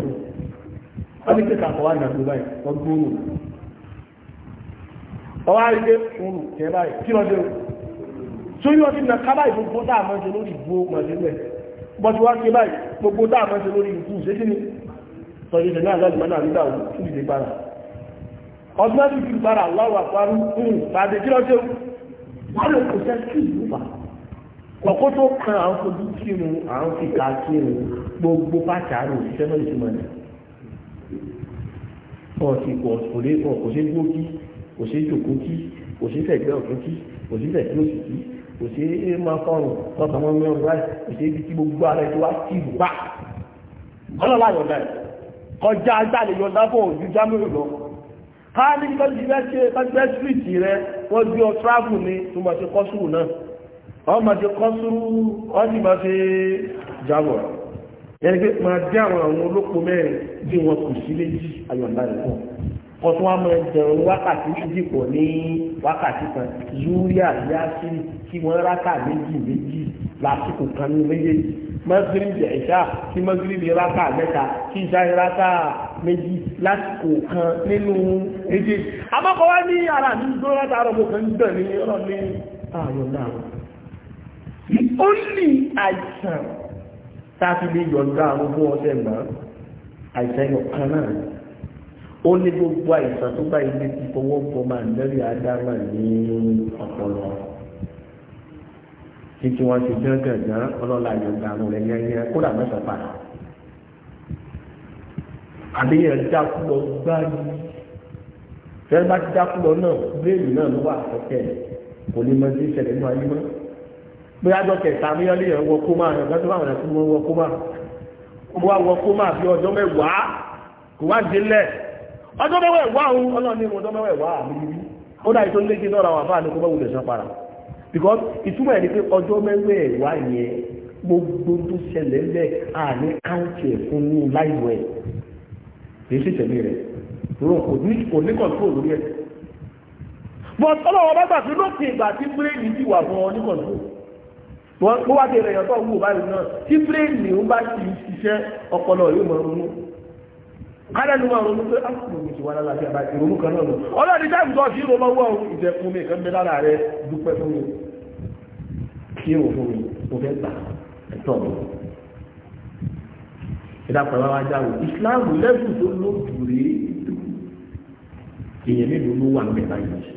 tó wọ́n ní kíkà kọ́ wá nà tó báyìí wọ́n gbóòrò ọwọ́ àrídé òun tẹ́ báyìí kí lọ́dẹ́ o tó yọ sí nà ká báyìí tá a mọ́ ṣe lórí ìbò mọ̀ọ́sí lẹ̀ bọ́sí wá ṣe báyìí gbogbo tá a ṣe lórí kí ni kọ̀kọ́ tó kan à ń fojú kírun à ń fi ká kírun gbogbo pàtàkì àrùn òṣìṣẹ́ náà ìtumọ̀ ni ọ̀sìn kò lè kọ̀ kò ṣe dúró kí kò ṣe jòkó kí kò ṣe fẹ̀gbẹ́ ọ̀tún kí kò ṣe fẹ̀gbẹ́ òsì kí kò ṣe máa fọ́rùn tọ́ka mọ́ mẹ́rin báyìí kò ṣe ibi tí gbogbo ara ẹ̀tọ́ wá sí ìlú pa ọlọ́lá yọ̀dá kọjá agbáàlè yọ̀dá fún òjú jámẹ́rù lọ ká ní kọ́jú bẹ́ẹ̀ ṣe kọ́jú bẹ́ẹ̀ street rẹ wọ́n gbé ọ travel ní túmọ̀ sí kọ́sùrù náà ọmọ ti kọ́ súrú ọdí máa fi jáwọ̀ yẹni pé máa dé àwọn àwọn olóko mẹ́rin bí wọn kò sí méjì ayọ̀ǹda rẹ̀ pọ̀ kọ́ tó wá máa jẹun wákàtí méjì pọ̀ ní wákàtí kan yúríà yáṣí kí wọ́n rákà méjì méjì lásìkò kan ní méjèèjì mọ́gírìbì ẹ̀ṣá kí mọ́gírìbì rákà mẹ́ta kí ìṣáyé rákà méjì lásìkò kan nínú méjèèjì. àmọ́kọ̀ wá ní ara mi dúró látàárọ̀ mo kàn ń dàn ní ọ̀rọ̀ ní ó lì àìsàn táàfi lè yọ̀ǹda àwọn owó ọ̀sẹ̀ mọ́ àìsàn yọ̀ kan náà ó ní gbogbo àìsàn tó bá ilé ti fọwọ́ bọ́ máa lórí ádámà ní ọpọlọ títí wọn ti dán gàngán ọlọ́lá yọ̀ǹda àwọn rẹ̀ yẹnyẹn kódà mẹ́sàn-án padà àbíyẹn dákú lọ gbáyé fẹ́ẹ́ bá ti dákú lọ náà béèlì náà ló wà àkọ́kẹ́ kò ní mọ sí ìṣẹ̀lẹ̀ inú ayé mọ́. bóyá jọ kẹta mílíọ̀nù yẹn wọ kó máa yọ̀gbọ́n tó bá wọn àti wọn wọ kó máa wọn wọ kó máa fi ọjọ́ mẹ́wàá kò wá délẹ̀ ọjọ́ mẹ́wàá òun ọjọ́ mẹ́wàá àmì yìí ó dá ìtọ́ léjì náà kó para because ìtumọ̀ pé ọjọ́ mẹ́wàá yẹn gbogbo tó ṣẹlẹ̀ lẹ̀ àní ẹ̀ fún ní kì wọ́n bó wá ti rẹ̀ yọ̀tọ̀ wù báyìí náà tí bírèèdì ń bá ti ṣiṣẹ́ ọpọlọ yóò máa ronú kálẹ̀lú máa ronú pé ákùnrin ah, mi ti wá lára bí àbá ìrònú kan náà lọ ọlọ́ọ̀dì táìmù tó ṣírò máa wọ́ ohun ìjẹkùn mi kan bẹ́ lára rẹ dúpẹ́ fún mi kí o fún mi o fẹ́ gbà ẹ̀tọ́ mi ìdàpọ̀ wá wájá o Islam lẹ́bù tó lóòtù rí èèyàn mélòó ló wà mẹ́ta yìí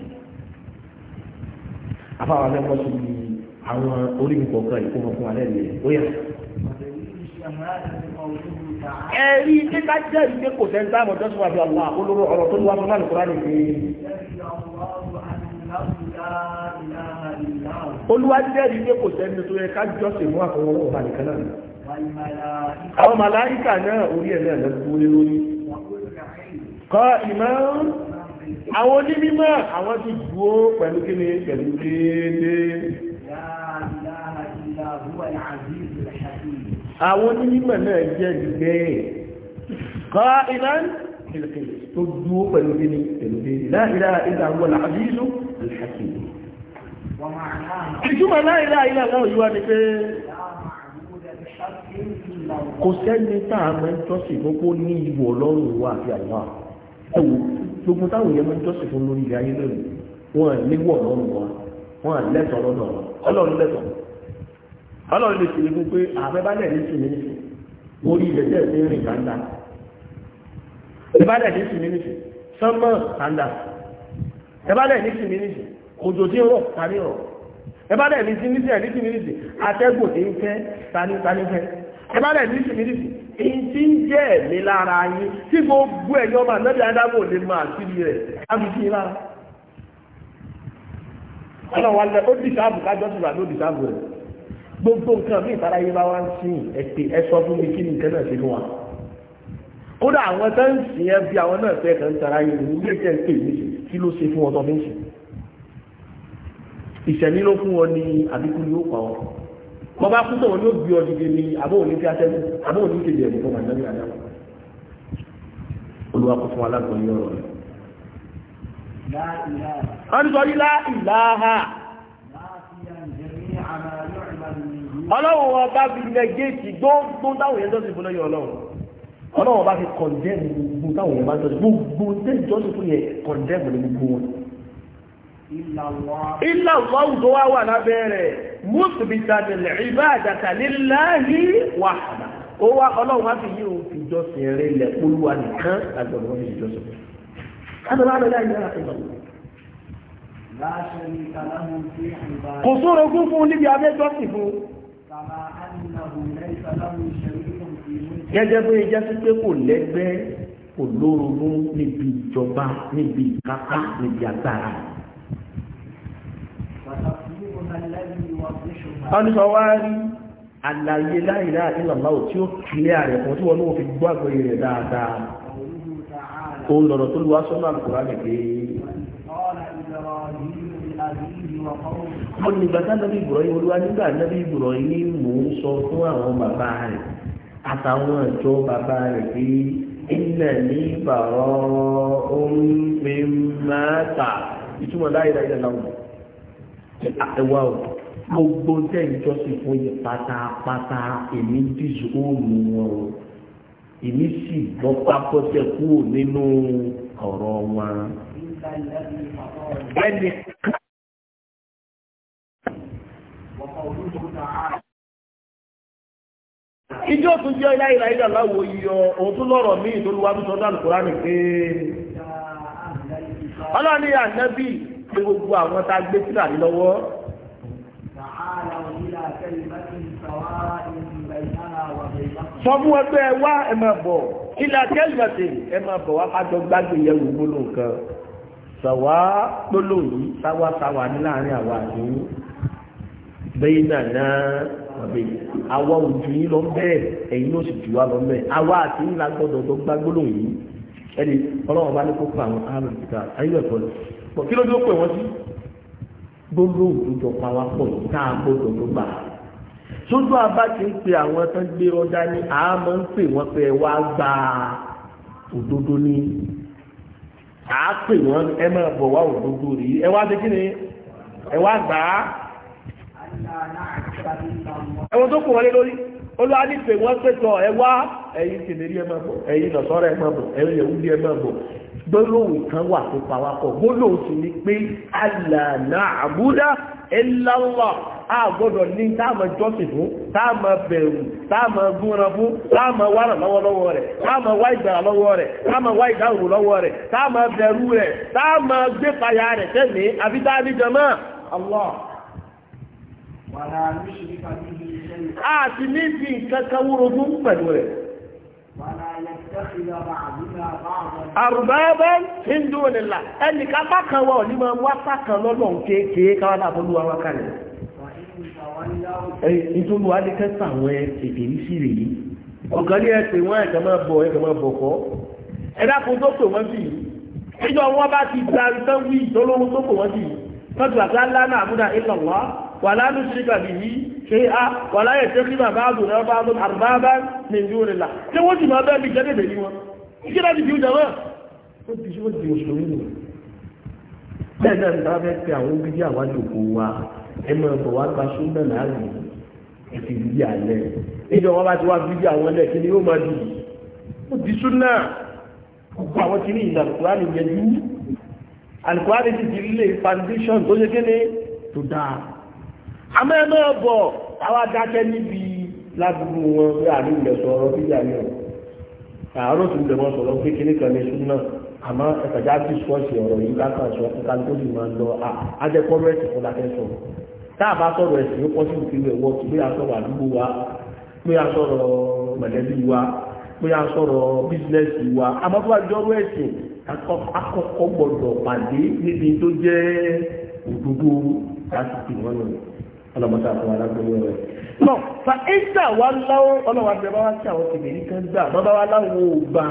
àfáwọn akẹ́kọ̀ọ́ sí àwọn orígun kọ̀ọ̀kan yìí kó mọ fún alẹ́ nìyẹn ó yà. ẹ̀rí ṣé ká jẹ́ ìgbé kò sẹ́ni tá àmọ̀jọ́ sí wa fi àwọn olóró ọ̀rọ̀ tó ń wá fún náà nìkan láti fi. olúwa jẹ́rìí pé kò sẹ́ni tó yẹ ká jọ́sìn mú àfọwọ́ ọ̀rọ̀ nìkan náà. àwọn màláìkà náà orí ẹ̀ náà lọ́dún lórí. kọ́ ìmọ̀ àwọn onímọ̀ àwọn ti dúró pẹ̀lú kí ni pẹ̀lú déédéé àwọn onímọ̀ náà jẹ́ gbẹ́ kọ́ ìlànà tó dúó pẹ̀lú gini pẹ̀lú gini láìlá ìlà àwọn àbílù alhakim ìtumọ̀ láìlá ìlà àwọn ìwà ni pé kò sẹ́ni táà mọ́ ń tọ́sì gbogbo ní ìwọ̀ lọ́rùn wa àti àwọn gbogbo táwọn ọlọ́run lè ṣèlú pé ààrẹ bá lẹ̀ ní ìsinmi nìṣẹ́ mo rí ilẹ̀ tẹ̀ sí rìn kàńdà ìbálẹ̀ ní ìsinmi nìṣẹ́ sánmọ́ kàńdà ìbálẹ̀ ní ìsinmi nìṣẹ́ òjò tí ń rọ̀ tani rọ̀ ìbálẹ̀ ní ìsinmi nìṣẹ́ ní ìsinmi nìṣẹ́ atẹ́gùn tí ń fẹ́ tani tani fẹ́ ìbálẹ̀ ní ìsinmi nìṣẹ́ èyí tí ń jẹ́ ẹ̀mí lára yín tí gbogbo ẹ̀yọ́ máa nọ́bí adámọ̀ lè máa síbi rẹ̀ láti sí lára ọlọ́wọ́ alẹ́ ó dìsáàbù kájọ́ sí wà ló dìsáàbù rẹ̀ gbogbo nǹkan bí ìfaráyé bá wá ń sìn ẹ̀pè ẹ sọ fún mi kí ni nǹkan náà ṣe fún wa kódà àwọn tó ń sìn ẹ bí àwọn náà fẹ́ kàn ń tara yìí ní ilé tẹ́ ń pè mí kí ló ṣe fún ọ tó fi ń sìn ìṣẹ̀mí ló fún ọ ní àbíkú ni ó pa ọ bọ́ bá kú sọ̀rọ̀ ní òbí ọ dìde àbóhùn ní fíaṣẹ́ àbóhùn ní kejì ẹ̀dùn fún àdáni àdáni olúwa kò ọlọ́run ọba fi nẹgẹ́tì gbogbo táwọn yẹn jọ́sìn fún lọ́yọ̀ ọlọ́run ọlọ́run ọba fi kọ̀ndẹ́mù gbogbo táwọn yẹn bá jọ́sìn gbogbo tẹ́lẹ̀ jọ́sìn fún yẹn kọ̀ndẹ́mù ní gbogbo wọn. ilà wàhù tó wá wà lábẹ́ rẹ̀ mùsùlùmí ìbádàtà lillahi wahda ó wá ọlọ́run wá fi yí o fi jọ́sìn rẹ̀ lẹ̀ olúwa nìkan àgbọ̀dọ̀ wọn fi jọ́sìn kò sórogún fún níbi abẹ́jọ́sìn fún gẹ́gẹ́ bí ẹjẹ́ sí pé kò lẹ́gbẹ́ kò lórogún níbi ìjọba níbi ìkápá níbi agbára. wọ́n sọ wá rí àlàyé láìlá ìlànà tí ó kílẹ̀ rẹ̀ kan tí wọ́n ní wọ́n fi gbọ́ àgbẹ̀yẹ rẹ̀ dáadáa. ó lọ̀rọ̀ tó lu aṣọ́nà àkùrá nìgbé mo ní ìgbà tá nàbí ìbùrọ̀ yìí olúwa nígbà nàbí ìbùrọ̀ yìí mò ń sọ fún àwọn bàbá rẹ̀ àtàwọn àjọ bàbá rẹ̀ pé ilẹ̀ ní bàrọ̀ ohun mi máa tà ìtumọ̀ láyé láyé láwọn ẹwà o gbogbo tẹ̀ ń jọ́sìn fún yẹn pátápátá èmi dìzú òòlù wọn o èmi sì gbọ́ pápọ́tẹ̀ kúrò nínú ọ̀rọ̀ wọn. ìjọ tó jẹ́ iláìlà ilẹ̀ aláwọ̀ yíyọ òun tó lọ́rọ̀ míì tó lùwà tó sọ́dọ̀ Al-Kùránì pé ọlọ́ni ànábì pé gbogbo àwọn tá a gbé sílà ní lọ́wọ́. sọ ẹgbẹ́ wa ẹ bọ̀ ilẹ̀ akẹ́lùmọ̀tì ẹ bọ̀ wá kájọ gbàgbé yẹn wò bẹ́yìn náà náà àbẹ̀ àwa òjò yín lọ bẹ́ẹ̀ ẹ̀yin ló sì jù wá lọ bẹ́ẹ̀ àwa àti yín la gbọ́dọ̀ tó gbá gbólóhùn yìí ẹni ọlọ́run bá ní kó pa àwọn àrùn ìta ayé ẹ̀kọ́ lọ pọ̀ kí ló dé pè wọ́n sí gbólóhùn tó jọ pa wá pọ̀ tá a gbọ́dọ̀ tó gbà sójú abá ti ń pe àwọn tó ń gbé ọjà ní àmọ́ ń pè wọ́n pé wá gba òdodo ní àá pè wọ́n ẹ máa bọ̀ wá òdodo rèé ẹ wá ṣe kí ni ẹ wá gbà á. ẹwọ́n tó kù wọlé lórí olúwa ní wọ́n tọ ẹ wá ẹ̀yin kìnìrí ẹ bọ̀ ẹ̀yin nọ̀sọ́rọ̀ ẹ bọ̀ bọ̀ gbólóhùn kan wà tó pa gbólóhùn ni pé àlànà àbúdá a ní jọ́sìn fún bẹ̀rù gúnra fún wárà lọ́wọ́lọ́wọ́ rẹ̀ wá ìgbàrà lọ́wọ́ rẹ̀ wá ìdáhùn lọ́wọ́ rẹ̀ bẹ̀rù rẹ̀ a ti ní bí kankan wúrogún pẹ̀lú rẹ̀ àrùbáyẹ́bẹ́ hindu nìlá ẹnìká bá kan wọ ní ma wá sákan lọ́nà kéèkéé káwọn náà fọ́lú àwọn kalẹ̀ ìtòlù adékẹ́sà àwọn èdè ní sí rèé ọ̀gá ní ẹ̀sẹ̀ máa bọ̀ ẹ̀kẹ́ máa bọ̀ kọ́ ẹ̀dá kan tó wọ́n sí yìí ẹjọ́ wọn bá ti darí ولا نشرك به شيئا ولا يتخذ بعضنا بعضا أربابا من دون الله ṣé wọ́n ti máa bẹ́ẹ̀ bí jẹ́dẹ̀ bẹ̀rẹ̀ wọn kí láti fi jọmọ́ wọ́n ti ṣíwọ́n ti mùsùlùmí nù bẹ́ẹ̀ náà nígbà bẹ́ẹ̀ pé àwọn bíbí àwájú kò wá ẹ mọ̀ ẹ̀kọ́ wá gba súnmọ́ láàrin ẹ̀fì bíbí alẹ́ níjọ wọn bá ti wá bíbí àwọn ẹlẹ́ kí ni yóò máa dùn ó ti súnà foundation tó ṣe kéde àmọ́ ẹ máa bọ̀ àwọn adákẹ́ níbi lágbègbè wọn bí àní ilẹ̀ sọ̀rọ̀ bí ìyá yẹn àárọ̀ tó ń bẹ̀ wọ́n sọ̀rọ̀ pé kíní kan ní súnà àmọ́ ẹ̀kàjá ti sọ́ọ̀sì ọ̀rọ̀ yìí ká kàn sọ a bá sọ̀rọ̀ ẹ̀sìn ó pọ̀ sí ìpínlẹ̀ ẹ̀wọ́ pé a sọ̀rọ̀ àdúgbò wa pé a sọ̀rọ̀ mọ̀lẹ́bí wa pé a sọ̀rọ̀ bísínẹ́sì wa àmọ́ tó bá jọ́rọ̀ ẹ̀sìn akọ́kọ́ gbọ́dọ̀ pàdé níbi tó jẹ́ òdodo láti pè wọ́n lọ́nà ọlọ́mọta àti wàhálà pẹ̀lú ọ̀rẹ́. lọ fa ẹ̀ńtà wa láwọn ọlọ́wà bẹ bá wá sí àwọn kìnìún kan gbà bàbá wa láwọn ò gbà.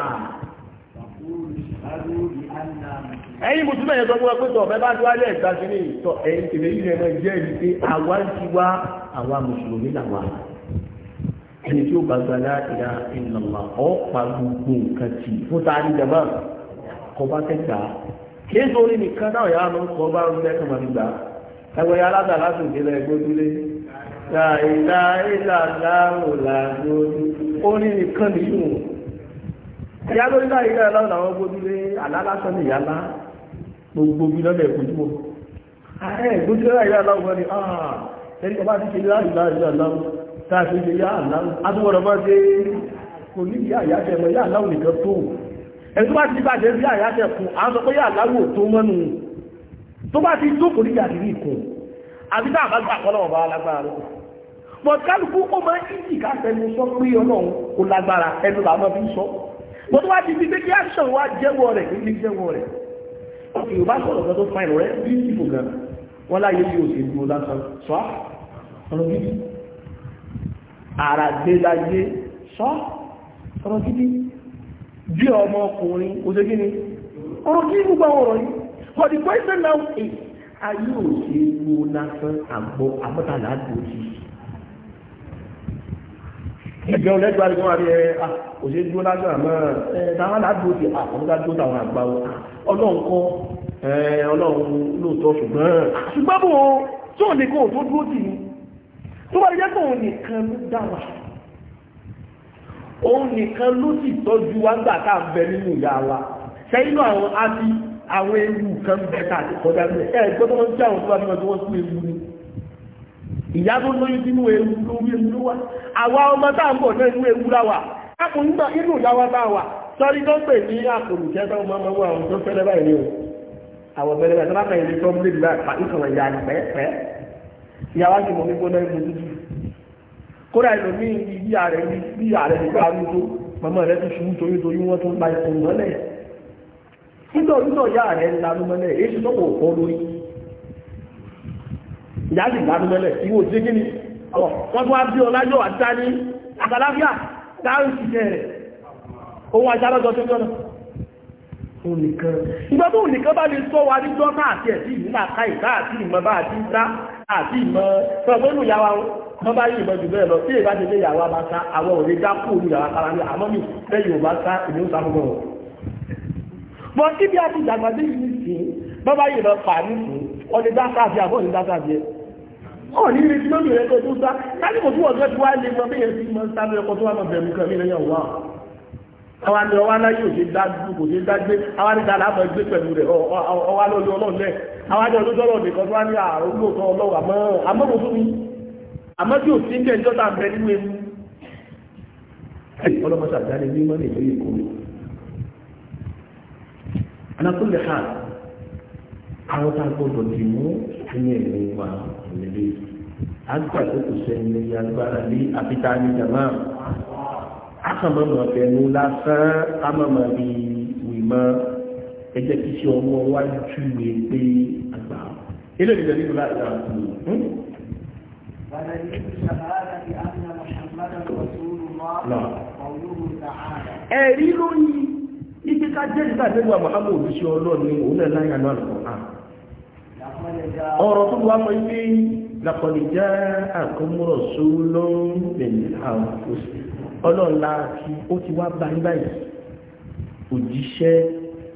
ẹ̀yin mùsùlùmí ẹ̀yẹ sọ fún wa pé tọ̀ bẹ́ẹ̀ bá ti wá lé ẹ̀ka sí ní ìtọ̀ ẹ̀yin kìnìún yìí ẹ̀mọ jẹ́ ẹ̀yìn pé àwa ń ti wá àwa mùsùlùmí làwà. ẹni tí ó bá gba láìra ìlànà ọ̀pá gbogbo nǹkan tì fún ta ni jama kọ́ bá kẹta kí ẹgbẹ́ yà látà láti ìdílé gbójúlé láìlá ìlàlá òlà lórí ó ní nìkan nìyí ìyá lórí láìlá ìlàlá làwọn gbójúlé àlá lásán ní ìyálá gbogbo bí lọ́lẹ̀ ìgbójúmọ̀ ààrẹ ìgbójúlé láìlá ìlàlá ni ah ẹni ọba ti ṣe láìlá ìlàlá táàfin ṣe yá àlá adúgbọ̀rọ̀ bá ṣe kò ní ìyá àyáṣẹ́ mọ́ yá àláwò nìkan tó ẹni tó bá ti bàjẹ́ sí àyáṣẹ́ fún àwọn sọ pé yá àláwò tó mọ́nu tó bá ti jókòó níjà sí ìkó àbí tá àbá gbà kọ́lọ́wọ́ bá lágbára lọ but kálukú ó máa ń ìjì ká fẹnu sọ pé ọlọ́run kò lágbára ẹnu là máa fi ń sọ mo tó wá ti fi pé kí aṣọ wa jẹ́wọ́ rẹ̀ kí ní jẹ́wọ́ rẹ̀ ọkùnrin ò bá sọ̀rọ̀ kan tó fain rẹ̀ bí ìfò gan wọn láyé bí òsè dúró lásán sọ ọ̀rọ̀ gidi àràgbélayé sọ ọ̀rọ̀ gidi bí ọmọkùnrin òsè gini ọ̀rọ̀ gidi gbogbo àwọn ọ̀rọ̀ yìí But the question now is, are you ṣe wo lásán àgbọ̀ àbọ̀tàlá àdójì? Ìgbẹ́ ọlẹ́gbàá ni wọ́n wá rí ẹ òṣè dúró lásán àmọ́ ẹ táwọn aládùúgbò àkọ́kọ́ dúró táwọn àgbà wọn. Ọlọ́run kọ́ ọlọ́run lóòótọ́ ṣùgbọ́n ṣùgbọ́n bò ó tó ní kó tó dúró tì ní. Tó bá yẹ kóun nìkan ló dá wa. Òun nìkan ló sì tọ́jú wa gbà tá à ń bẹ nínú ìyá wa. Sẹ́yìn náà àwọn á ti àwọn ewu kan bẹ̀ta àti kọjá sílẹ̀ ẹ̀ gbọ́dọ̀ wọn jẹ́ àwọn tó bá bí wọn tó wọ́n sí ewu ni ìyá tó lóyún sínú ewu lórí ewu ló wà àwa ọmọ tá à ń bọ̀ náà inú ewu láwà kákùnrin náà inú ìyá wa táwà sọ́rí tó pè ní àkùnrin jẹ́ tó máa wọ àwọn tó fẹ́lẹ́ báyìí ni o àwọn fẹ́lẹ́ báyìí tó bá fẹ́yìn ní tó ń lè gbà pa ìkànnì ìyá ni pẹ́ẹ́pẹ́ ìyá wa sì mọ̀ ní gbóná ìlú dúdú kódà ìlòmíì ìyá rẹ̀ ní ìyá rẹ̀ ní gbà títọ̀ títọ̀ yá rẹ̀ ń èyí tó wò fọ́ lórí ìyá sì lanú mẹ́lẹ̀ ìwò tí kí ni wọ́n fún ọlájọ́ àtá ní láàrín ìṣẹ́ rẹ̀ ohun àjálọ́jọ́ tó jọ́nà ìgbà tó nìkan bá lè sọ wa níjọ́ káàkiri ẹ̀sí ìlú àkáì káàkiri ìmọ̀ bá àti ìta àti ìmọ̀ pẹ̀lú ìyàwó wọ́n bá yí ìmọ̀ jù bẹ́ẹ̀ lọ tí ìbá ti ìyàwó abáta àwọn òní dákú olùyàwó kára ní àmọ́ mi fẹ́ ìlú sáfúgbọ̀n bọ́ síbi àti ìdàgbàdé yìí sí bọ́bá yìí lọ pàá ní fún ọdí dákàbí àbọ̀ ní dákàbí ẹ̀ ọ̀ ní rí lórí rẹ̀ tó tún sá láti kò tún ọ̀gẹ́ tí wá lè mọ bí yẹn sí mọ́ sáré ọkọ̀ tó wà mọ̀ bẹ̀rù kan nílẹ̀ yàn wá àwa ni ọwá láyé ò ṣe dájú kò ṣe dágbé àwa ní dáadáa mọ̀ gbé pẹ̀lú rẹ̀ ọwá lórí ọlọ́run lẹ̀ àwa jẹ́ olójọ́ ọlọ́run nìkan tó wá ní àrùn lóòótọ́ ọlọ́run àmọ́ àmọ́ kò tún mi àmọ́ tí ò sí ń jẹ́ ìjọ́ta ń bẹ nínú ewu ọlọ́mọ sàdáni ní mọ́ nìlú èkó mi alákùnlé ha àwọn tá a gbọdọ̀ dì mú ẹni ẹ̀mí wa lélẹ̀ agbà tó kù sẹ́ni ní agbára lé àbíta ní jama akàmọ́mọ́ bẹ̀rù lásán amọ́mọ́ bí wìmọ́ ẹjẹ́ kí sí ọmọ wa ju ìwé pé àgbà ilé ìjọba nígbà láti ra àkùnrin. ẹ̀rí lóyún. ibi ká jẹ́ ìgbà nígbà Muhammad olùsí ọlọ́run ní òun náà láyà náà lọ́wọ́ à. ọ̀rọ̀ tó wà mọ́ bẹ̀rẹ̀ àwọn ó ti wá báyìí òjíṣẹ́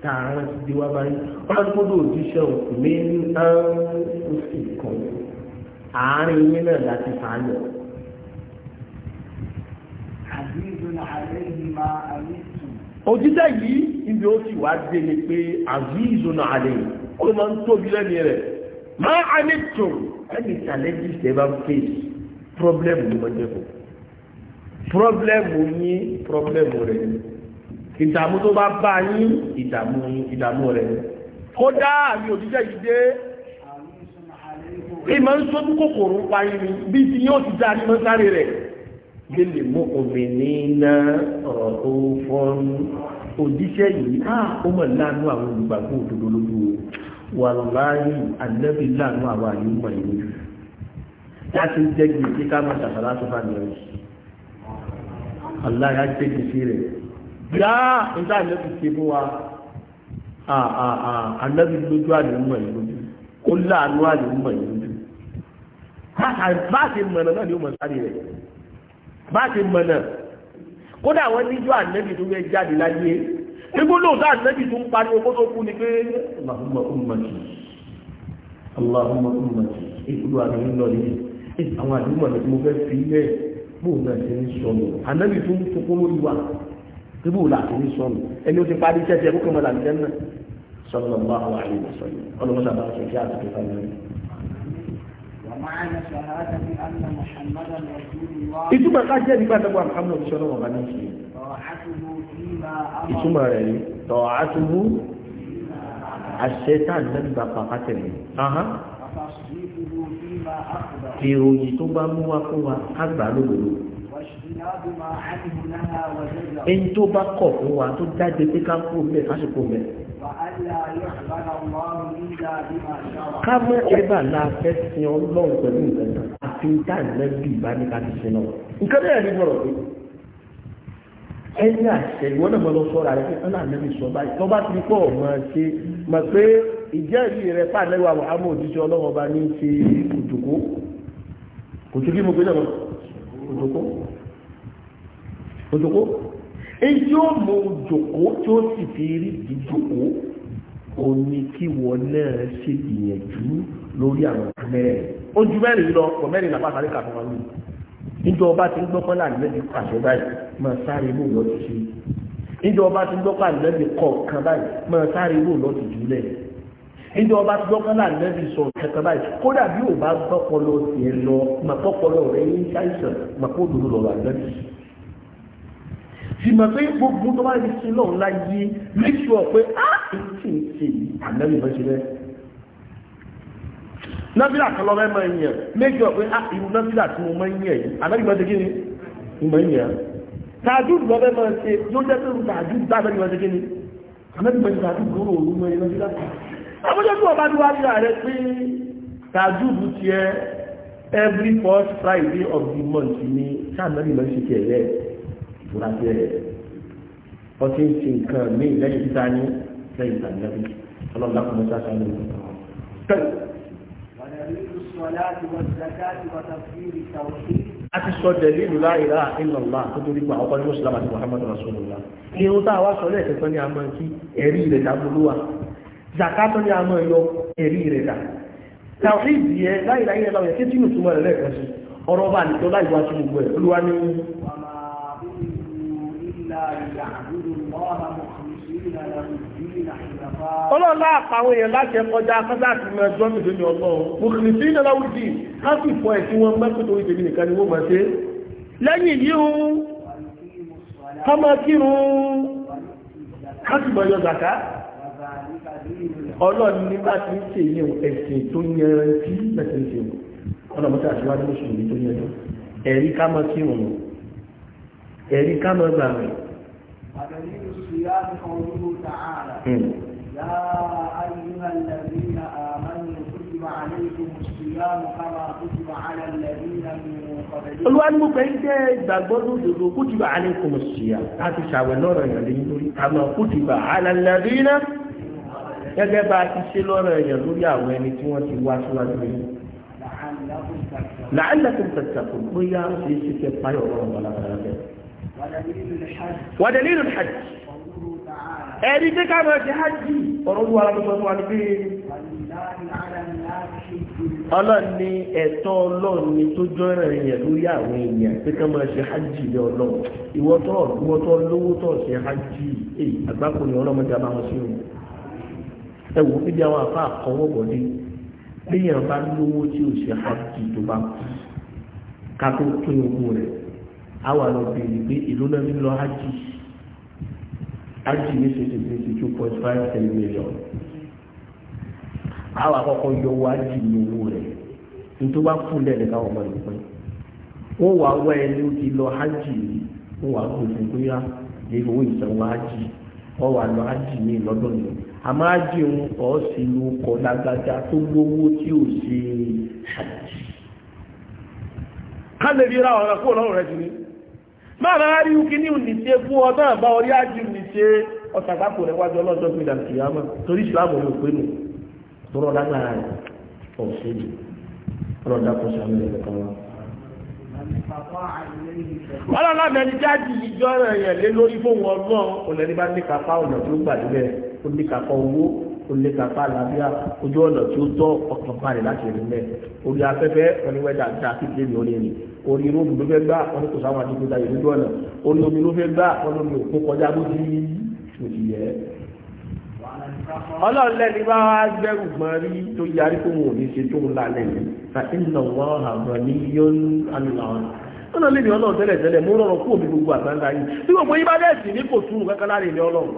tá a rán ti di wá báyìí kó òjíṣẹ́ òtítẹ́ yìí ibi ó sì wá dé ni pé àzízo náà àlè ó máa ń tóbi lẹ́ni rẹ̀ máa àlè tó ẹni challenge ṣe bá face problem ló máa jẹ́ kó problem yín problem rẹ̀ ìdààmú tó bá bá yín ìdààmú yín ìdààmú rẹ̀ kódà àmì òtítẹ́ yìí dé ìmọ̀ ń kòkòrò pa yín ni bí ti yóò ti dá ní mọ́sáré rẹ̀ lílè mú obìnrin náà ọ̀rọ̀ fọ́n òjíṣẹ́ yìí á ah. ó mọ̀ láàánú àwọn olùgbàgbọ́ òdodo lójú wà láàyè àdẹ́bí láàánú àwọn àyè mọ̀ ìlú láti jẹ́ gbèsè ká máa ṣàṣàlá tó bá nìyẹn aláya jẹ́ gbèsè rẹ̀ yá nígbà àdẹ́bí ṣe fún wa àdẹ́bí lójú àyè mọ̀ ìlú ó láàánú àyè mọ̀ ìlú bá a ṣe mọ̀ náà ni ó mọ̀ sáré rẹ̀ bá ti mọ̀nà kódà wọ́n níjọ́ ànẹ́bì tó fẹ́ jáde láyé nígbó lóòótọ́ ànẹ́bì tó ń pariwo kó tó kú ni pé Allahumma ummati Allahumma ummati ìgbúdó àmì ń lọ nìyí àwọn àdúgbò àti mo fẹ́ fi ilẹ̀ bóun náà ti ń sọnù ànẹ́bì tó ń fokó lórí wa pé bóun náà ti ń sọnù ẹni ó ti parí iṣẹ́ tiẹ̀ kó mọ́ làbíjẹ́ náà sọ́nà bá wà ní ìwọ̀sán yìí ọlọ́mọdé àbá ìtumọ̀ ká jẹ́ nípa àtàkùn àmàmù ọ̀ṣọ́ náà wà bá ní ṣe ìtumọ̀ rẹ̀ ni tọ̀ àtúbú àṣẹ tá à ń lẹ́nu ìròyìn tó bá mú wa fún wa á gbà ẹni tó bá kọ̀ fún wa tó jáde pé ká kó bẹ́ẹ̀ fásitì kó bẹ́ẹ̀ ká mọ́ ẹgbà náà fẹ́ sin ọlọ́run pẹ̀lú nǹkan náà àfi ń dáì lẹ́bí ìbáníká ti sin náà nǹkan bẹ́ẹ̀ ni gbọ́dọ̀ pé ẹni àṣẹ ìwọ náà mọ lọ sọ́ra rẹ pé ọlá àlẹ́bí sọ báyìí tó bá ti pọ̀ mọ́ ṣe mọ̀ pé ìjẹ́rìí rẹ pàlẹ́wà àmọ́ òjíṣẹ́ ọlọ́run ọba ní ti òjòkó òjòkó mo gbé náà òjòkó òjòkó èyí tí ó mọ òjòkó tí ó sì fi rí ìdíjòkó ó ní kí wọn náà ṣe ìyẹ̀jú lórí àwọn mẹ́rin ó ju mẹ́rin lọ pọ̀ mẹ́rin làbá sáré kà fún ọba ti ń pàṣẹ báyìí máa sáré mú lọ ti ṣe níjọ́ ọba ti ń kan báyìí máa sáré mú lọ ti jùlẹ̀ níjọ́ ọba ti gbọ́ sọ báyìí kódà bí ò bá lọ òdòdó ìmọ̀ pé gbogbo tó bá rí sí lọ́run láyé make sure pé á ètí ìtì àlẹ́lù bá ṣe rẹ̀ nábìlà kan lọ́wọ́ ẹ̀mọ ìyẹn make sure pé á ah, irú nábìlà tí mo máa ń yẹ̀ yìí àlẹ́lù bá ṣe kí ni ìmọ̀ ìyẹn tààjú lọ́wọ́ ẹ̀mọ ṣe yóò jẹ́ pé tààjú dá àlẹ́lù bá ṣe kí ni àlẹ́lù bá ṣe tààjú gbòòrò òru mọ ìlú nábìlà àbújá tí wọ́n bá dúwá rí rẹ̀ pé tààjú bù every first Friday of the month ni sáà nábìlà ṣe kẹ̀ ìfura sí ẹ̀ wọ́n ti ń ṣe nǹkan mí lẹ́yìn títa ní lẹ́yìn tàbí ọlọ́run lápò mọ́ sáà sáré wọn. a ti sọ dẹ̀lí ìlú láìlá ìlọ́lá tó torí pa ọkọ ní mùsùlùmí àti muhammadu rasulullah irun tá a wá sọ lẹ́ẹ̀kẹ́ tán ní àmọ́ kí ẹ̀rí rẹ̀ dàgbòlúwa zakatọ́ ní àmọ́ yọ ẹ̀rí rẹ̀ dà tàwíìd yẹ láìláìlá yẹ kí tí mo túmọ̀ rẹ̀ lẹ́ẹ̀kan sí ọ̀rọ̀ bá nìkan láìwá sí gbogbo ẹ̀ olúwa ní ọlọ́run náà pàwọn èèyàn láti ẹkọjá akọ́dáàtì mẹ́rin ẹjọ́ mi lónìí ọlọ́run mùsùlùmí sí ìnáwó dì láti fọ ẹ̀ tí wọ́n mẹ́kù tó ìdèmí nìkan ni wọ́n mọ̀ sí lẹ́yìn yíò kọ́mọ kírun láti mọ̀ yọ zàká ọlọ́run ní bá ń ṣe ilé ẹ̀sìn tó yẹrantí mẹ́sìn ṣe ọlọ́run tí a ti mùsùlùmí tó yẹrantí ẹ̀rí ká mọ̀ kírun ẹ̀rí ká mọ̀ gbàgbé ودليل الصيام قوله تعالى يا أيها الذين آمنوا كتب عليكم الصيام كما كتب على الذين من قبلكم Olúwa ní mo fẹ́ jẹ́ ìgbàgbọ́ lódodo kutiba alaykum láti ṣàwẹ̀ èèyàn lórí lórí àmọ́ kutiba ala gẹ́gẹ́ bá ti ṣe lọ́rọ̀ èèyàn lórí àwọn ẹni tí wọ́n ti wá síwájú yìí. La'allakum tattaqun bóyá ó ṣe é ṣe kẹ́ wàdàlílù hajj ẹ̀rí pé ká máa ti hajji ọ̀rọ̀ olúwa lọ́pọ̀ wà ní pé ọlọ́ni ẹ̀tọ́ ọlọ́ni tó jọ ẹ̀rẹ̀ lórí àwọn èèyàn pé ká máa ṣe hajji lé ọlọ́run ìwọ́tọ́ bí èèyàn lówó tí ò ṣe hajji tó bá kú ká tó tún ogun rẹ̀ awa lọ bèèrè pé ìlú náà ń lọ hajj hajj ní ṣèṣe ṣèṣe two point five ten million awa kọkọ yọ owó hajj ní owó rẹ̀ káwọn ọmọ ìlú lọ hajj yìí wọ́n wá fún pé ah, yá lè owó ìsanwó lọ ní ń sí lágbájá tó tí ò ra ọ̀rọ̀ kó lọ́rùn rẹ̀ máa máa rí ukí ní ìníṣe fún ọ náà bá orí ájú ìníṣe ọ̀tàgbákò rẹ̀ wájú ọlọ́jọ́ gbé dàtí àmọ́ torí ìsìláàmù yóò pé nù tọrọ lágbára rẹ̀ ọ̀sẹ̀ yìí ọlọ́dà kò sàmì rẹ̀ kan wá. ọlọ́lá mẹ́rin jáde ìjọ rẹ̀ yẹn lé lórí fóun ọgbọ́n òlẹ́ni bá ní kápá ọ̀nà tó gbà níbẹ̀ ó ní kápá owó ó ní kápá àlàáfíà ojú ọ̀nà tí tọ́ ọkàn balẹ̀ láti rí mẹ́ orí afẹ́fẹ́ oníwẹ́dà dá sí orí róòdù ló fẹ́ gbà wọn ní kò sáwọn àdìgbò dayò lójú ọ̀nà orí omi ló fẹ́ gbà wọn ní òkú kọjá bó ti òsì yẹ. ọlọ́run lẹ́ni bá wá gbẹ́rù gbọ́n rí tó yarí kó wọn ò ní ṣe tó ń lálẹ́ yìí fa iná wọn àwọn ní yóò ń lọ́n. ọlọ́run lè ní ọlọ́run tẹ́lẹ̀ tẹ́lẹ̀ mú rọrùn kú omi gbogbo àgbáńdá yìí bí gbogbo yín bá dẹ̀ sí ní kò túrù kankan láàrin ilé ọlọ́run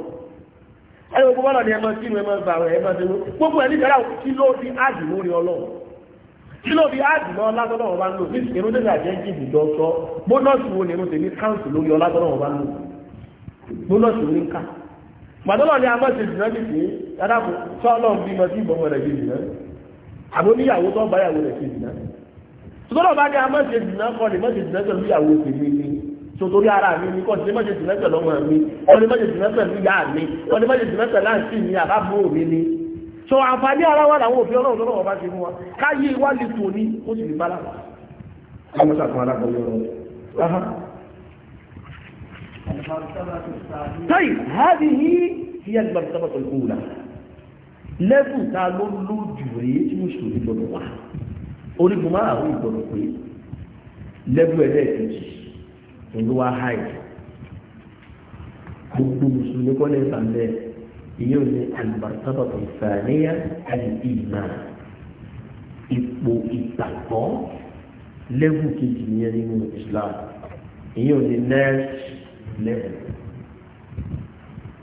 ẹ gbogbo bọ́lọ̀ ni ẹ máa sínú ẹ máa bàwẹ̀ ẹ máa sínú gbogbo ẹ nígbàrá kí ló fi áàdì lórí ọlọ́run kí ló fi áàdì mọ́ ọlátọ́nà ọba ń lò ní irun tẹ́lẹ̀ àjẹ́ jìbì jọ sọ bónọ́ọ̀sì wo ni irun tèmi káùntì lórí ọlátọ́nà ọba ń lò bónọ́ọ̀sì wo ni ká gbàdọ́lọ́ ni a máa ṣe jùlọ ní pé adáko sọ́ọ̀lọ́ bí mọ sí ìbọn rẹ̀ ṣe jùlọ àbó níyàwó tó bá yàwó rẹ̀ ṣe jùlọ sọ́dọ̀ bá ní a máa ṣe jùlọ kọ́ ni máa ṣe jùlọ pẹ̀lú ìyàwó tèmi ni sotori ara mi ni kọ́ni máa ṣe jùlọ pẹ̀lú ọmọ mi kọ́ni máa ṣe jùlọ pẹ̀lú ìyá mi kọ́ni máa ṣe jùlọ pẹ̀lú àǹtí mi àbábọ̀ mi ni so àǹfààní ara wa làwọn òfin ọlọ́run lọ́wọ́ bá ṣe mú wa káyé wá lè tò ní ó sì lè bá láwọn. àwọn sàkún alágbọ̀yọ̀ rẹ̀. tẹ́yì hábi yí kí yá gbàgbé sábà tó kúrò náà lẹ́bù ta ló lójú rèé tí mùsùlùmí gbọdọ̀ wà orígun márùn-ún ìgbọdọ̀ pé lẹ́bù ẹlẹ́ẹ̀kejì olúwa háì gbogbo mùsùlùmí kọ́lé ìsàlẹ̀ ìyóni المرتبة الثانية الإيمان، thaniya al-iman ipò ìgbàgbọ́ lẹ́wù kejì nìyẹn nínú islam ìyóni next level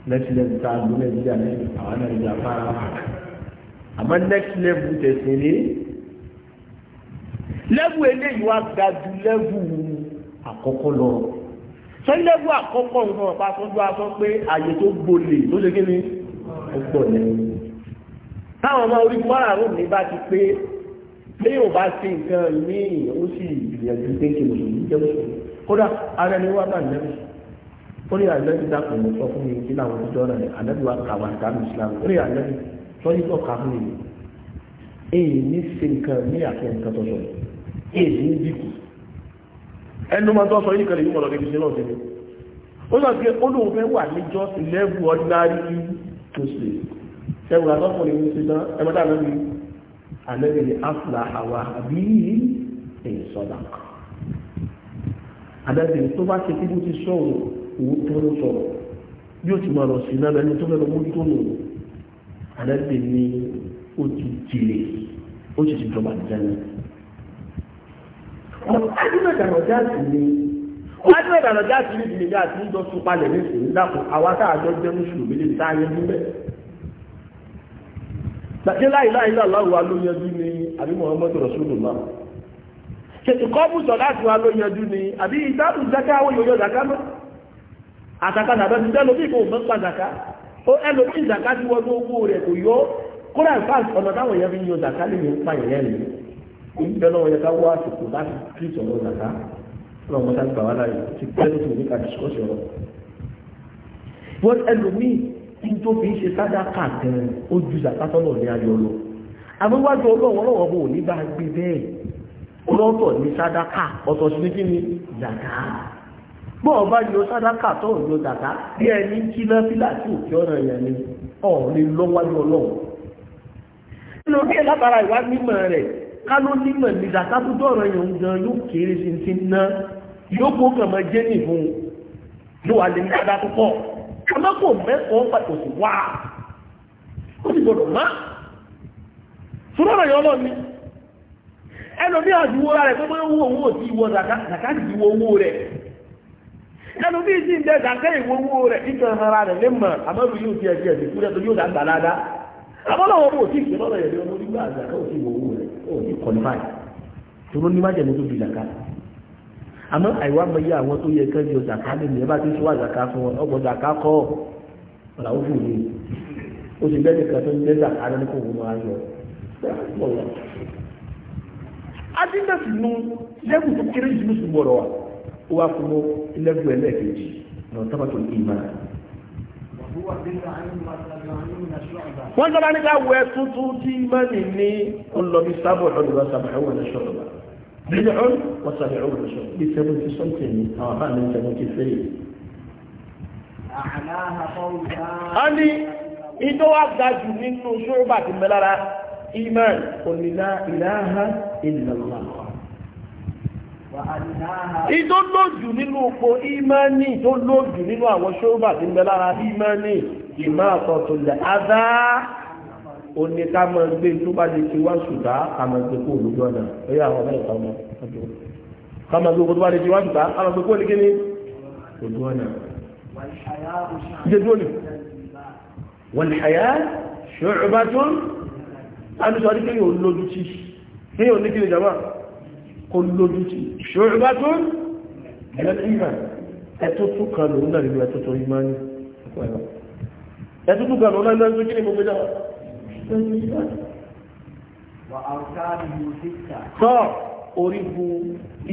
next level tá a lò nàìjíríà lẹ́yìn àwọn nàìjíríà fara hàn àmọ́ next level tẹ̀sí ni lẹ́wù eléyìí wá ga ju lẹ́wù àkọ́kọ́ lọ sọ lẹ́wù àkọ́kọ́ nǹkan ọ̀pá tó dúró aṣọ pé àyè tó gbolè tó ṣe kí ni ó pọ̀ lẹ́yìn. táwọn ọmọ orí márùn-ún mi bá ti pé pé yóò bá sí nǹkan míì ó sì gbìyànjú pé kí mùsùlùmí jẹ́ mùsùlùmí kódà ara ẹni wá bá nẹ́bí ó ní àlẹ́bí dákùn mọ́ sọ fún mi kí làwọn ọjọ́ rẹ̀ àlẹ́bí wa kà wá ìdáná ìsìlámù ó ní àlẹ́bí sọ́yìn tó kà fún mi èyí ní ṣe nǹkan ní àfihàn nǹkan tó sọ èyí ní ẹnu máa tọ́ sọ yìí kan lè yí mọ̀lọ́dẹ́bí sí náà sí ni ó sọ pé ó lóun fẹ́ wà níjọ́ sí lẹ́bù ordinary tó ṣe ṣẹ́gun àtọ́kùnrin ní ṣe ẹgbẹ́ta afla àwà àbí èyí sọ́dà àlẹ́bẹ̀rẹ̀ tó bá ṣe kí bó ti sọ̀rọ̀ owó tó ló sọ̀rọ̀ yóò ti máa lọ sí náà lẹ́nu tó fẹ́ lọ mójútó nù ni ó ti jèrè wọ́n ti rẹ̀dà lọ́jà sí níbi ìyá àti tún palẹ̀ ní ìsìn àwa tá jẹ́ mùsùlùmí lè tá a yẹ bẹ́ẹ̀. wa ló àbí ti kọ́ bùsọ̀ wa ló yanjú ni àbí ìdáàbò zaka àwọn yòóyọ zaka mọ́ àtàkà nàbẹ́ ti dẹ́lómi kò mọ́ pa zaka ó ẹlòmí zaka ti wọ́n owó rẹ̀ kò yọ lọ́wọ́ mọ́tà gbà wá láàyè ti gbẹ́lú tó ní ká discourse ọ̀rọ̀ wọ́n ẹlòmíì tí tó fi ń ṣe sádàkà gan-an ó ju zakatọ́lọ̀ ní ayọ̀ lọ àmọ́ wájú ọlọ́wọ́ ọlọ́wọ́ bò ní bá gbé bẹ́ẹ̀ lọ́tọ̀ ní sádàkà ọ̀tọ̀ sí ní kíni zàkà bọ́ ọba yọ sádàkà tó ń yọ zàkà bí ẹni kí náà fílà tí òkè ọ̀rọ̀ yẹn ni ọ̀rọ̀ ní lọ́wájú ọlọ́wọ́ nínú bí ẹ látara ìwà yóò kó kàn máa jẹ́ nìfún ló wà lè ní dáadáa púpọ̀ àmọ́ mẹ́kọ̀ọ́ pàtó sí wá ó sì gbọdọ̀ má sọ́dọ̀ yọ lọ ni ẹnu bí àdúgbò rẹ̀ owó ìwọ sì wọ owó rẹ̀ ẹnu bí ìwọ owó rẹ̀ ara rẹ̀ lè mọ̀ yóò ti ẹ̀ tiẹ̀ sìnkú tó yóò dàgbà dáadáa ọmọ nígbà ò owó rẹ̀ ó ní tó ló ní tó fi àmọ́ àìwá mọyé àwọn tó yẹ kẹ́ni ọjà ká lẹ́nu ẹ bá ti sọ́wọ́ àzàká fún wọn ọgbọ̀n àzàká kọ́ làwọn fò ní o sì bẹ́ẹ̀ nìkan tó ń gbé àzàká lẹ́nu kò wọ́n máa yọ. adínàsì nu lẹ́gùn tó kéré jù lóṣù gbọ́dọ̀ wa ó wá fún mọ́ lẹ́gùn ẹlẹ́ẹ̀kejì lọ tábàtò ìmọ̀ wọ́n sábà ní ká wẹ tuntun tí mọ́nì ní ọlọ́bí sábọ̀ lọ́dún lọ́sàbà ẹ̀wọ̀n ní sọ̀rọ̀ bid'un wa sab'un rusul bí seventy something ni àwọn afá mi seventy three. a ní ìjọ wa ga jù nínú ṣọ́ọ́bà tí mẹ́lára iman onílá ìlàhà ìlàlá. ìjọ lójú nínú ipò imani ìjọ lójú nínú àwọn ṣọ́ọ́bà tí mẹ́lára imani ìmọ̀ àtọ̀tọ̀ lẹ́ ó ní ká máa gbé tó bá lè ti wá ṣùgbá ká máa gbé kó olójú ọ̀nà lórí àwọn ọmọ ìta ọmọ ká máa gbé kó tó bá lè ti wá ṣùgbá ká máa gbé kó olójú ojú ọ̀nà. Ìjẹ́jú òní. Wàlìhàyá ṣùgbọ́n tó ń alùsọ ní lójú tí. Kéyàn ní kíni jama kò lójú tí. Ṣùgbọ́n tó ń ẹlẹ́tìmà ẹtútù kan lòun náà nínú ẹtútù ìmáyé. Ẹtútù kan lòun náà nínú ẹtútù kíni gbogbo tọ́ orígun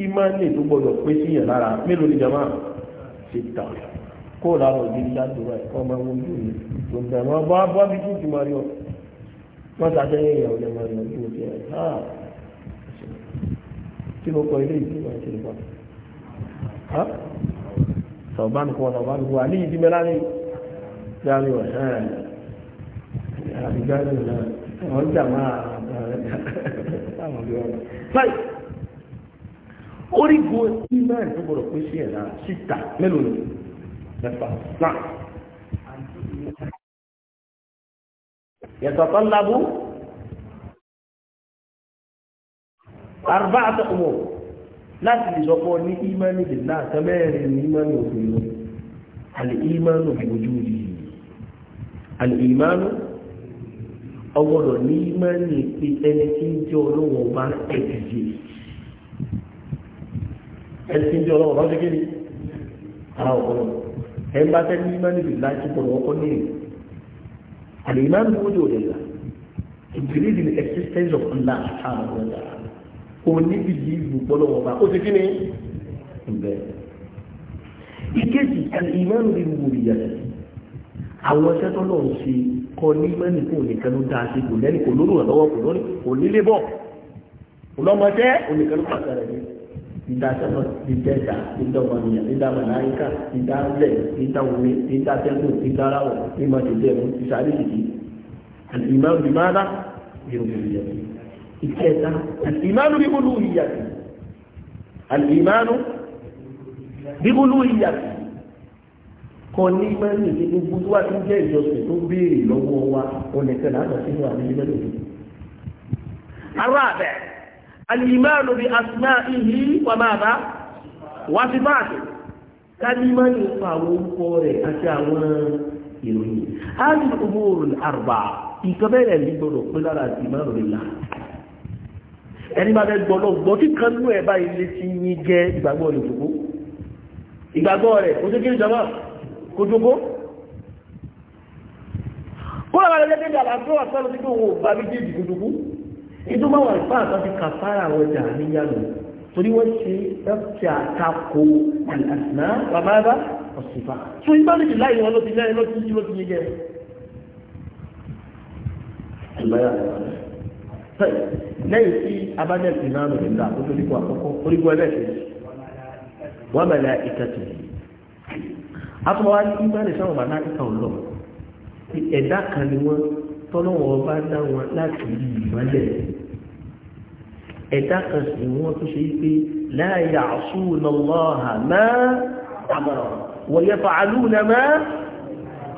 ìmánì tó gbọdọ̀ pé sí yẹn lára mélòó ni jama ṣe tà kó lára òbí ládùúrà ẹ̀kọ́ máa ń wojú mi kò ń dànù ọba bá bí kí n ti máa rí ọ wọ́n ti àtẹ́yẹ ìyàwó lè máa rí ọ bí ti rẹ̀ ha kí ló kọ ilé ìdí máa ṣe lè pa sọ̀bánu kọ́ ní ìyá mi àbígbádùn náà wọ́n jà máa àwọn ọ̀dọ́ ọ̀rọ̀. báyìí orígun imáà tó gbọdọ̀ pín sí ẹ̀dá síta mélòó ni mẹ́fà náà. يتطلب أربعة أمور láti lè sọ pé ọ ní ìmánì bìlá àtẹ́mẹ́rin ní ìmánì òfin lọ ọgbọ́dọ̀ ní mẹ́rin pé ẹni tí ń jẹ́ olówó ọba ẹ̀dìdì ẹni tí ń jẹ́ olówó ọba ṣe kéde ara ọ̀gbọ́dọ̀ ẹni bá fẹ́ ní mẹ́rin bìí láti gbọ́dọ̀ ọkọ ní ìlú àlè ìmáà ní wọ́n yóò lè là to believe in the existence of Allah subhanahu wa ta'ala kò ní bìlíìfù gbọ́dọ̀ ọba ó ṣe kí ni ìbẹ̀. ìkejì àlè ìmáà ní wọ́n yóò lè àwọn ẹsẹ̀ tó lọ́wọ́ ṣe kọ ní mẹ́rin kò nìkan ló dáa sí kò lẹ́nu kò lóru ọ̀dọ́wọ́ kò lórí kò nílé bọ̀ kò lọ́mọ jẹ́ onìkan ló pàṣẹ rẹ̀ dídá sọ́mọ dídá ẹ̀dá dídá ọmọnìyàn dídá màláyíkà dídá lẹ̀ dídá omi dídá tẹ́kù dídá ráwọ̀ mímọ dídá ẹ̀mú ìsàlẹ̀ ìdí àtìmánu bí máa ìkẹta àtìmánu bí ìyàtì kọ ní mẹ́rin ní gbogbo tó wà tó jẹ́ ìjọsìn tó béèrè lọ́wọ́ wa ọ̀nẹ̀kẹ́ láàbà sínú mẹ́rin òdòdó. àbẹ̀ wá sí báàkì ká ní mẹ́rin nípa àwọn orúkọ rẹ̀ àti àwọn ìròyìn. a ní bẹ́ẹ̀ ní gbọdọ̀ pé lára ẹni máa ẹ̀ báyìí yín kò dógó kó lọ́wọ́ lọ́jọ́ dédé àlàáfíà wà sọ́lọ́ sí pé òun ò bá mi dé ìdìbò dógó ìdó máa wà nípa àtọ́ ti kà fara àwọn ọjà níyàlú torí wọ́n ṣe ẹ̀fẹ́ àtakò àlàsìnà bàbá ọ̀sìnfà tó ìgbà méjì láì wọn ló àtúwọ́ wá ní ìbáni sáwọn màláìka ọlọ́ ẹ̀dá kan ni wọ́n tọ́lọ́wọ́ bá dá wọn láti rí ìmọ́lẹ̀ ẹ̀dá kan sì wọ́n tó ṣe pé láàyè àṣùwọ̀n lọ́hà máa wọ̀nyẹ fàálù nà máa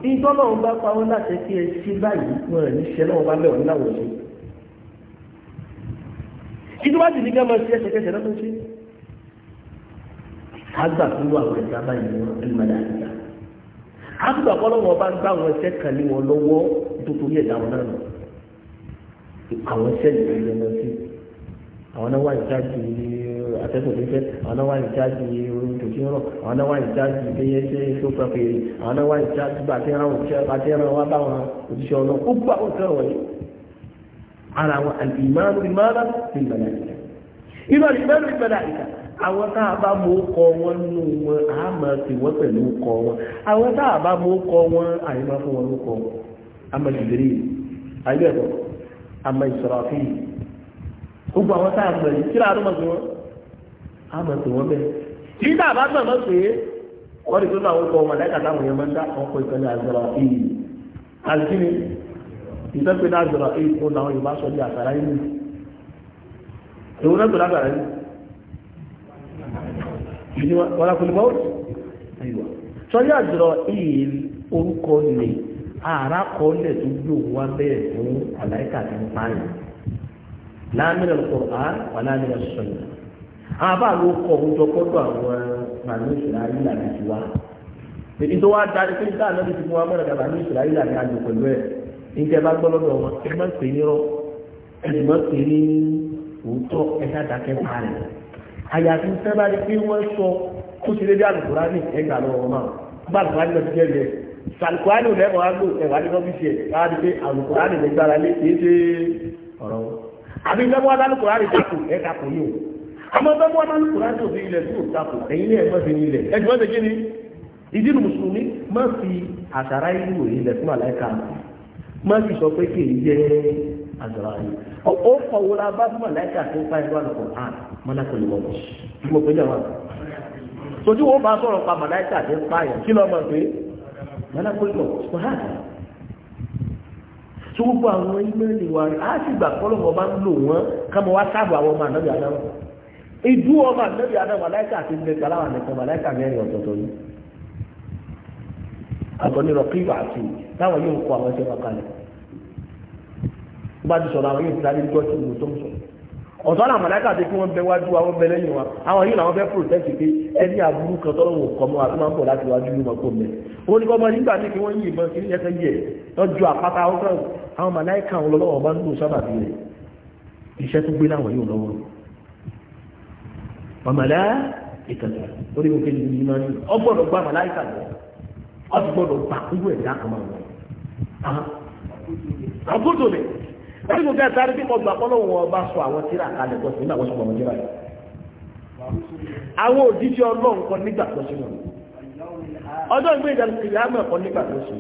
ní tọ́lọ́wọ́ bá láti kí ẹ sí báyìí wọn ní ṣe náà wọ́n bá bẹ̀ wọ́n ìdúrà sì ní kí máa ṣe ẹsẹ̀kẹsẹ̀ lọ́tọ́ àgbà tó wà wọn ẹja báyìí ní ẹnìmọ̀lẹ́ àdìgbà àgbà kọ́lọ́wọ́ bá ń bá àwọn ẹsẹ̀ kan ní wọn lọ́wọ́ nítorí ẹ̀dá wọn náà nù àwọn ẹsẹ̀ yìí ló lọ sí àwọn náà wà ní jáde atẹ́kùn fífẹ́ àwọn náà wà ní jáde orin tó ti rọ̀ àwọn náà wà ní jáde ìgbéyẹ ṣe tó fẹ́ fèrè àwọn náà wà ní jáde àti ẹran àti ẹran wa bá wọn òṣìṣẹ́ ọ̀nà ó gbà ó tẹ̀ wọ̀nyí ara wọn àlùmọ́ọ́nù ìmọ̀ọ́nà ìmọ̀lẹ́ àdìgbà ìmọ̀lẹ́ ìmọ̀lẹ́ àdìgbà àwọn tá a bá mú kọ wọn nínú wọn a máa tì wọ́n pẹ̀lú kọ wọn àwọn tá a bá mú kọ wọn àyíká fún wọn ló kọ wọn àmọ́ ìdílé ayélujára àmọ́ ìsọ̀rọ̀ àfihàn gbogbo àwọn tá a mọ̀ yìí kí láàárọ̀ mọ̀ sí wọn a máa tì wọ́n bẹ́ẹ̀ tí tá a bá mọ̀ mọ̀ pé wọ́n ti tó náà wọ́n kọ wọn lẹ́ka táwọn yẹn máa ń dá ọkọ̀ ìkànnì àzọ̀rọ̀ àfihàn àti kí ni ìtọ́pẹ́ náà àzọ̀rọ̀ àfihàn kó náà yorùbá sọ ìdí wọn lákùn nípa òtù àyíwá sọrí àjọ ìyìn orúkọ lè ara kọ lẹ tó gbé òun wá bẹ́ẹ̀ fún àlàyíkà tó ń pààyàn láàmìnà Al-Qur'an wà láàmìnà Sunnah àwọn àbá ló kọ òun jọ kọ́dọ̀ àwọn màmí ìsìláyé làbí ti wá èyí tó wá darí pé nígbà náà ti fi wọn mọ̀ràn kàtà ní ìsìláyé làbí àjò pẹ̀lú ẹ̀ níjẹ́ bá gbọ́ lọ́dọ̀ wọn ẹ má pè ní rọ ẹ sì má pè ní òótọ́ ẹ ṣáà dákẹ́ pa rẹ̀ àyàfi tẹ́ bá rí pé wọ́n sọ kó ṣe dédé àlùkùránì ẹgbàá lọ́wọ́ máa bá àlùkùránì lọ sí ẹgbẹ́ àlùkùránì lẹ́wọ̀n á lò ẹ̀wà ní lọ́bí ṣe ká rí pé àlùkùránì lè gbára lé kìí ṣe ọ̀rọ̀ wọn. àbí lọ́wọ́ àlùkùránì takò ẹ̀ takò ní o àmọ́ lọ́wọ́ àlùkùránì òfin ilẹ̀ tó takò ẹ̀yin ẹ̀ mọ́ fi ní ilẹ̀ ẹ̀ jùmọ́ ṣe kí ni ìdí mùsùlùmí má fi àṣàrá ìlú ilẹ̀ fún àlàyé kan má fi sọ pé kì í jẹ́ azrael o fọwọ́ la bá mọ̀ tó bá ẹgbẹ́ àlùkò hàn mọ́lákò lè wọ́pọ̀ gbogbo pé jẹ́wọ́ sojú wo bá sọ̀rọ̀ pa mọ̀láìka tó bá yẹn kí lọ́mọ pé mọ́lákò lè wọ́pọ̀ hàn tó gbogbo àwọn á sì gbà kọ́lọ̀ wọn bá ń lò wọ́n ká mọ́ wá sáàbù àwọn ọmọ ànábì adáwọ̀ ìdú ọmọ ànábì adáwọ̀ mẹ́rin ọ̀tọ̀ọ̀tọ̀ i táwọn yóò bá ti sọ̀rọ̀ àwọn yóò sáré gbọ́ sí ìlú tó ń sọ ọ̀tọ́ àwọn màláíkà àti kí wọ́n bẹ wájú wa wọ́n bẹ lẹ́yìn wa àwọn yìí làwọn fẹ́ protect pé ẹni àbúrú kan tọ́rọ wò kọ́ mọ́ àti máa ń bọ̀ láti wájú ní ọkọ̀ mẹ́ òun ni kọ́mọ nígbà tí wọ́n yìí ìbọn kí ní ẹsẹ̀ yẹ lọ́jọ́ àpáta ọkọ̀ àwọn màláíkà àwọn lọ́wọ́ bá ń lò sábà bí rẹ̀ iṣẹ́ tó gbé láwọn yóò lọ́wọ́ màmàlá ìkàlà orí òkè ní ìlú máa ń ọgbọ́dọ̀ gbá màláíkà lọ ọgbọ́dọ̀ gbà kúrò wọ́n nínú bẹ́ẹ̀ sáré bí mo gbà kọ́ lóun ọba sọ àwọn tíra kalẹ̀ pọ̀ sí nígbà wọ́n sọ àwọn tíra yìí àwọn òdíjì ọlọ́run kan nígbà tó sí wọn ọjọ́ ìgbé ìdàgbàsílẹ̀ àmọ̀ kan nígbà tó sí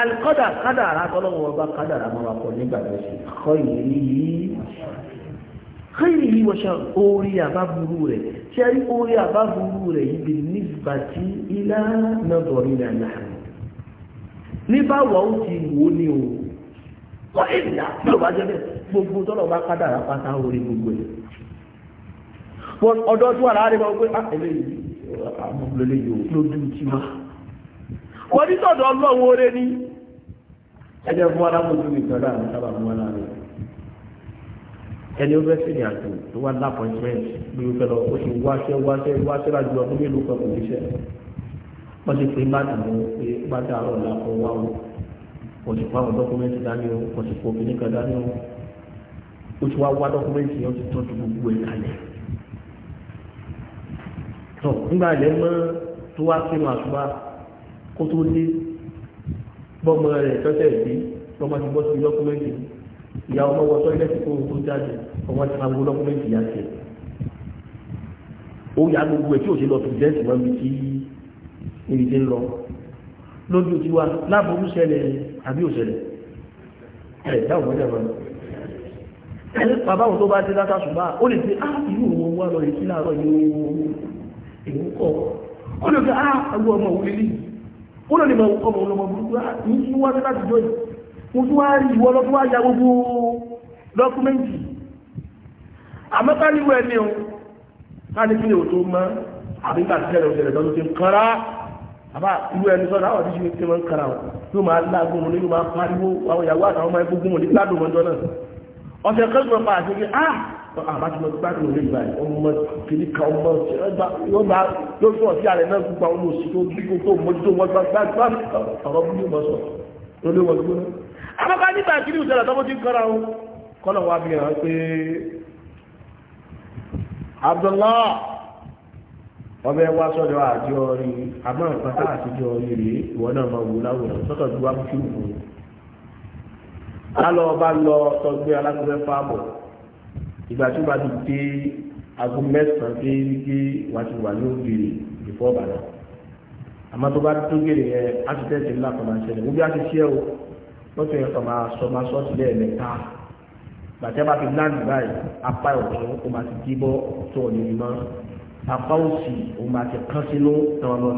alikọ́dà kádàrà tọ́lọ́wọ́ ọba kádàrà máa kọ nígbà tó sí xeyìrì yìí xeyìrì yìí wọ́n ṣe orí àbábúrú rẹ̀ ṣe rí orí àbábúrú rẹ̀ yìí bí nígbàtí ilá náà dọ̀rí náà náà ní ó ti wò ó ní o wọ́n èyí ni yóò bá jẹ́ bẹ́ẹ̀ gbogbo tọ́lọ̀ bá kádàrá pátá orí gbogbo ẹ̀. wọ́n ọ̀dọ́ tó wà láàrin wọn pé àtẹ̀lé yìí àwọn olólè yìí lójú ti wá. wọ́n ní sọ̀dọ̀ ọlọ́run oore ní. ẹjẹ fún wa lábòjú mi tọ́lá àwọn sábà fún wa láàrin. ẹni ó fẹ́ sí ìrìn àjò tó wá lápọ̀ìntmẹ́ǹtì bí ó fẹ́ lọ ó sì wáṣẹ́ wáṣẹ́ wáṣẹ́ lájú ọdún mélòó kan kò ní kò sì fún àwọn dọ́kúmẹ́ntì dání o kò sì fún obìnrin kan dání o ó ti wá wá dọ́kúmẹ́ntì yẹn ó ti tọ́jú gbogbo ẹ̀ kalẹ̀ tọ̀ nígbà ilẹ̀ mọ́ tó wá sínú àtúbà kó tó dé bọ́mọ rẹ̀ tọ́tẹ̀ sí lọ́mọ ti bọ́ sí dọ́kúmẹ́ntì ìyá ọmọ wọ tọ́lẹ́tì kó tó jáde ọmọ ti fa gbogbo dọ́kúmẹ́ntì yá sí ó yá gbogbo ẹ̀ tí ò sí lọ pìrìsẹ́ǹtì wọn bí tí níbi lọ lójú tiwa láàbùrú àbí òṣèlè ẹ̀ dáhùn mọ́jẹ̀ mọ́ ẹ̀ bàbáwọn tó bá ti látà ṣùgbọ́n ó lè fi á ah, ìlú òun wá lọ ìsí láàárọ̀ ìlú kọ̀ ó lè fi á ah, ẹgbẹ́ ọmọ òun lélẹ̀ ó lè mọ ọmọ ọmọ burúkú ní kí wọ́n fẹ́ láti jọ yìí o ká ní kí ni òtún mọ́ àbíkà tẹ́lẹ̀ òṣèlè lọ́dún àbá ìlú ẹni sọ́dọ̀ àwọn àdíjú ti máa ń kara wọn yóò máa lágùn wọn nínú máa pariwo àwọn ìyàwó àtàwọn ọmọ ẹgbẹ́ gbọ́n nígbàdùn wọn jọ́nà ọ̀sẹ̀ kẹ́sùn ọ̀pá àti ẹgbẹ́ ah àbá ti mọ gbádùn lórí ìgbà yìí ọmọ kìíní ka ọmọ yóò máa yóò sọ sí ààrẹ náà gbogbo àwọn oṣù tó bí kò tó mójútó wọn gbàgbà ọ̀rọ̀ bí yóò mọ̀ sọ lórí wọn gbóná. àbábá nígbà kìíní ìṣẹ̀lẹ̀ tó ti ń kọ́ra wọn kọ́nà wa bí hàn pé Abdullah ọbẹ̀ wá sọ́dọ̀ àti ọrí àmọ́ nǹkan tá àti jọ ọrí rèé ìwọ náà máa wò láwòrán sọ́tọ̀ ju wákùtù wò ó. lálọ́ ọba lọ tọgbé alágbèbẹ́ fáàbọ̀ ìgbà tí ó bá ti dé aago mẹ́sàn-án dé wípé wà á ti wà ní òbèrè ìfọ́ ọ̀bàdàn. àmọ́ tó bá tó gèrè yẹn á ti tẹ̀sí ńlá kan máa ṣẹlẹ̀ gbogbo àti ṣẹ́ o wọ́n fi ẹ̀kọ́ máa sọ máa sọ́ọ̀tì lẹ́ẹ̀mẹ́ta gbàtẹ́ bá fi láǹdì báyìí apá ọ̀tún ó máa ti dí bọ́ tó ọ̀ apá òsì òun máa ti kán sínú tàn lọ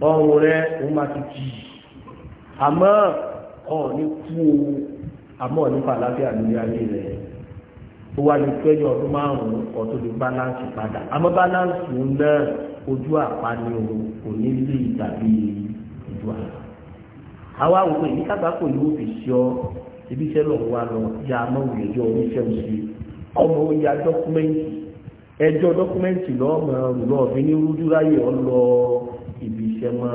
tó ọrùn rẹ òun máa ti jì àmọ́ ọ̀ ní kú o àmọ́ nípa àlàáfíà lórí ayé rẹ̀ ó wá ní pẹ́jọ ọdún márùn-ún ọ̀tún ní báláǹsì padà àmọ́ báláǹsì náà ojú àpáni kò ní lè dàbí ojú àlá àwa àwòrán yìí kábà kò ní òfin sí ọ ibi iṣẹ́ lọ́wọ́ wa lọ ya amóhùn ìjọ oníṣẹ́ òsì ọmọ oúnjẹ dọ́kúmẹ́ǹtì ẹjọ́ dọ́kúmẹ́ǹtì lọ́ọ̀mọ rùlọ́ ọ̀fin ní rújú ráyè ọlọ ìbí iṣẹ́ mọ́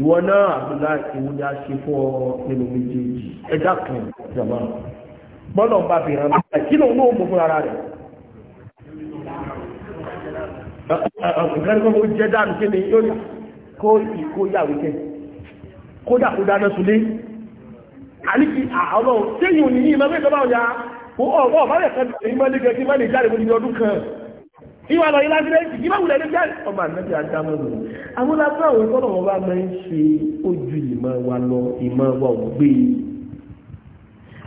ìwọ náà àbúlá ìwúdá ṣe fún ọ nínú méjèèjì ẹjá kan jàmá bọ́lọ̀ ń bá fi hàn mí kí lóun náà mú fúnra rẹ̀ nǹkan kan ó jẹ́ dànù kí ni yóò kó ìkóyàwó kẹ́ kódà kó dáná sulé àníkì àwọn ọlọ́run téèyàn ní ìmọ̀ mẹ́tọ́ bá ọ̀yà ọ̀ọ́ bá rẹ̀ kan ìmọ̀ nígbẹ̀ẹ́ kí má lè jáde mo ní ọdún kan ìwà lọ ilá sílẹ̀ ìsì ìbá wùlẹ̀ lẹ́jẹ́ ọmọ àmẹ́bí adámọ́nù amúlábá àwọn ìkọ́nà wọn bá máa ń ṣe ojú ìmọ̀ wa lọ ìmọ̀ wa ò gbé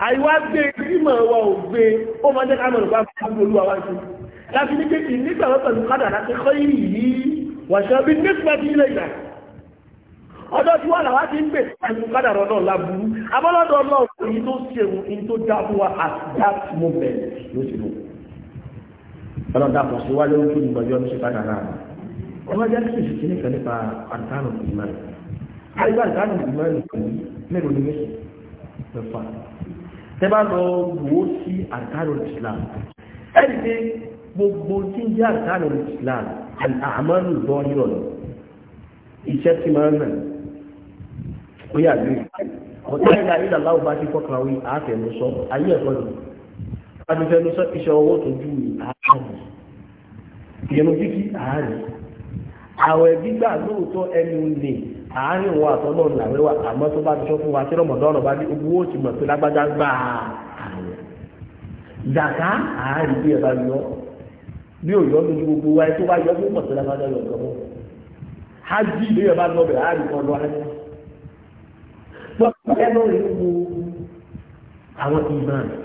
àìwá gbé ìmọ̀ wa ò gbé ó máa jẹ́ káàmọ̀ nípa fún olúwa wá sí láti ní kékeré nígbà wọn pẹ̀lú kádà láti kọ́ yìí wàṣọ bí nípa ti ilẹ̀ ìgbà ọjọ́ tí wà làwá ti ń gbè pẹ̀lú kádà rọ náà láburú abọ́lọ́dọ̀ náà èyí tó ṣe èyí tó dá fún wa at that moment ló ṣe lóko ọlọ́dà pọ̀ sí wáyé ojú ìgbọ̀jọ́ ní ṣèpàdà náà wọ́n máa jáde sí ìṣẹ́ nìkan nípa àǹtánù ìmọ̀lẹ̀ àyíká àǹtánù ìmọ̀lẹ̀ pẹ̀lú mẹ́rin ní méjì mẹ́fà tẹ́ bá lọ wò ó sí àǹtánù Islam ẹni pé gbogbo tí ń jẹ́ àǹtánù Islam àmọ́nù ìbọn yọ̀ lọ iṣẹ́ tí máa ń nà ó yà lóye ọ̀tá ìlà ìlà láwùbá ti fọ́kàwé àtẹnusọ ayé ẹ̀kọ́ adúfẹ́nu iṣẹ́ owó tó ju ààrùn ìrùn kíkí ààrùn àwẹ̀ gbígbà lóòótọ́ ẹni lè àárín òun àtọ́nà làwẹ́ wà àmọ́ tó bá ti sọ fún wa tí rọmọdọ́nà bá ní owó òsì mọ̀ pé lágbájá gbà ààrùn zàká ààrùn bí ẹ bá yọ bí ò yọ lójú gbogbo wa tó bá yọ fún mọ̀ sí lágbájá yọ ọ̀gá mọ́ hajj bí ẹ bá lọ bẹ̀rẹ̀ ààrùn kan lọ hajj. gbọ́dọ̀ ẹnu rẹ̀ ń wo àwọn ìmọ̀ rẹ̀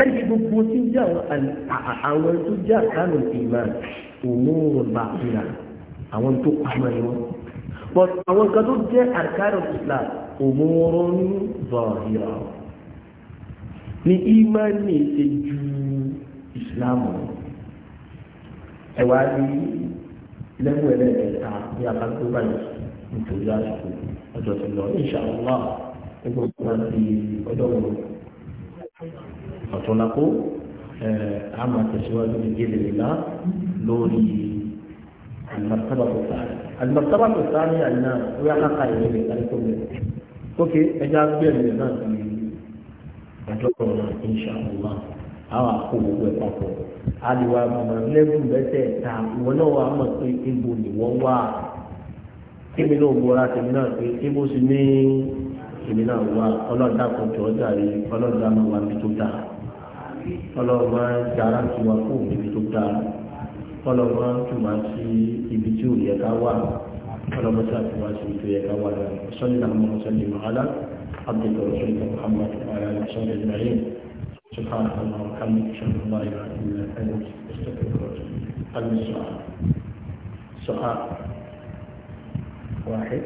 ẹni gbogbo tí ń jẹ àwọn tó jẹ àkànù ìmọ̀ òmùrù bàtìlà àwọn tó pamọ́ ni wọn but àwọn kan tó jẹ àkànù ìlà òmùrù zọhìrà ni ìmọ̀ ní ṣe ju ìsìlámù ẹwà ní lẹ́mú ẹlẹ́ẹ̀kẹta ní abágbó báyìí nítorí àsìkò ọjọ́ ti lọ insha Allah ẹgbẹ́ òkú wa ti ọjọ́ wọn ọ̀túnlákó àmà tẹ̀síwájú ní gẹ́lẹ́lá lórí alimọ̀tábàtò sáà alimọ̀tábàtò sáà ní àná ó yà káka ìwé rẹ̀ kárí tó bẹ̀rẹ̀ ókè ẹja gbẹ̀rẹ̀ rẹ̀ náà ti dájọ́ ọ̀rọ̀ náà insha Allah àwọn àkó gbogbo ẹ̀ papọ̀ àdìwà àmọ̀ lẹ́gùn bẹ́tẹ̀ ta ìwọ náà wà mọ̀ pé ibo ni wọ́n wà kémi náà gbọ́ra tèmi náà pé ibo sì ní èmi náà wà ọlọ́dà kan dàrí ọlọ́dà máa wà mí tó dáa ọlọ́run máa ń dára tí wà fún ibi tó dára ọlọ́run máa ń tù wá sí ibi tí ò yẹ ká wà ọlọ́run máa ń tù wá sí ibi tó yẹ ká wà lọ sọ́ni náà mo sọ ní abdul rasul muhammad ala sọ́ni ibrahim سبحانك اللهم وبحمدك اشهد ان لا اله الا انت استغفرك واتوب السؤال سؤال واحد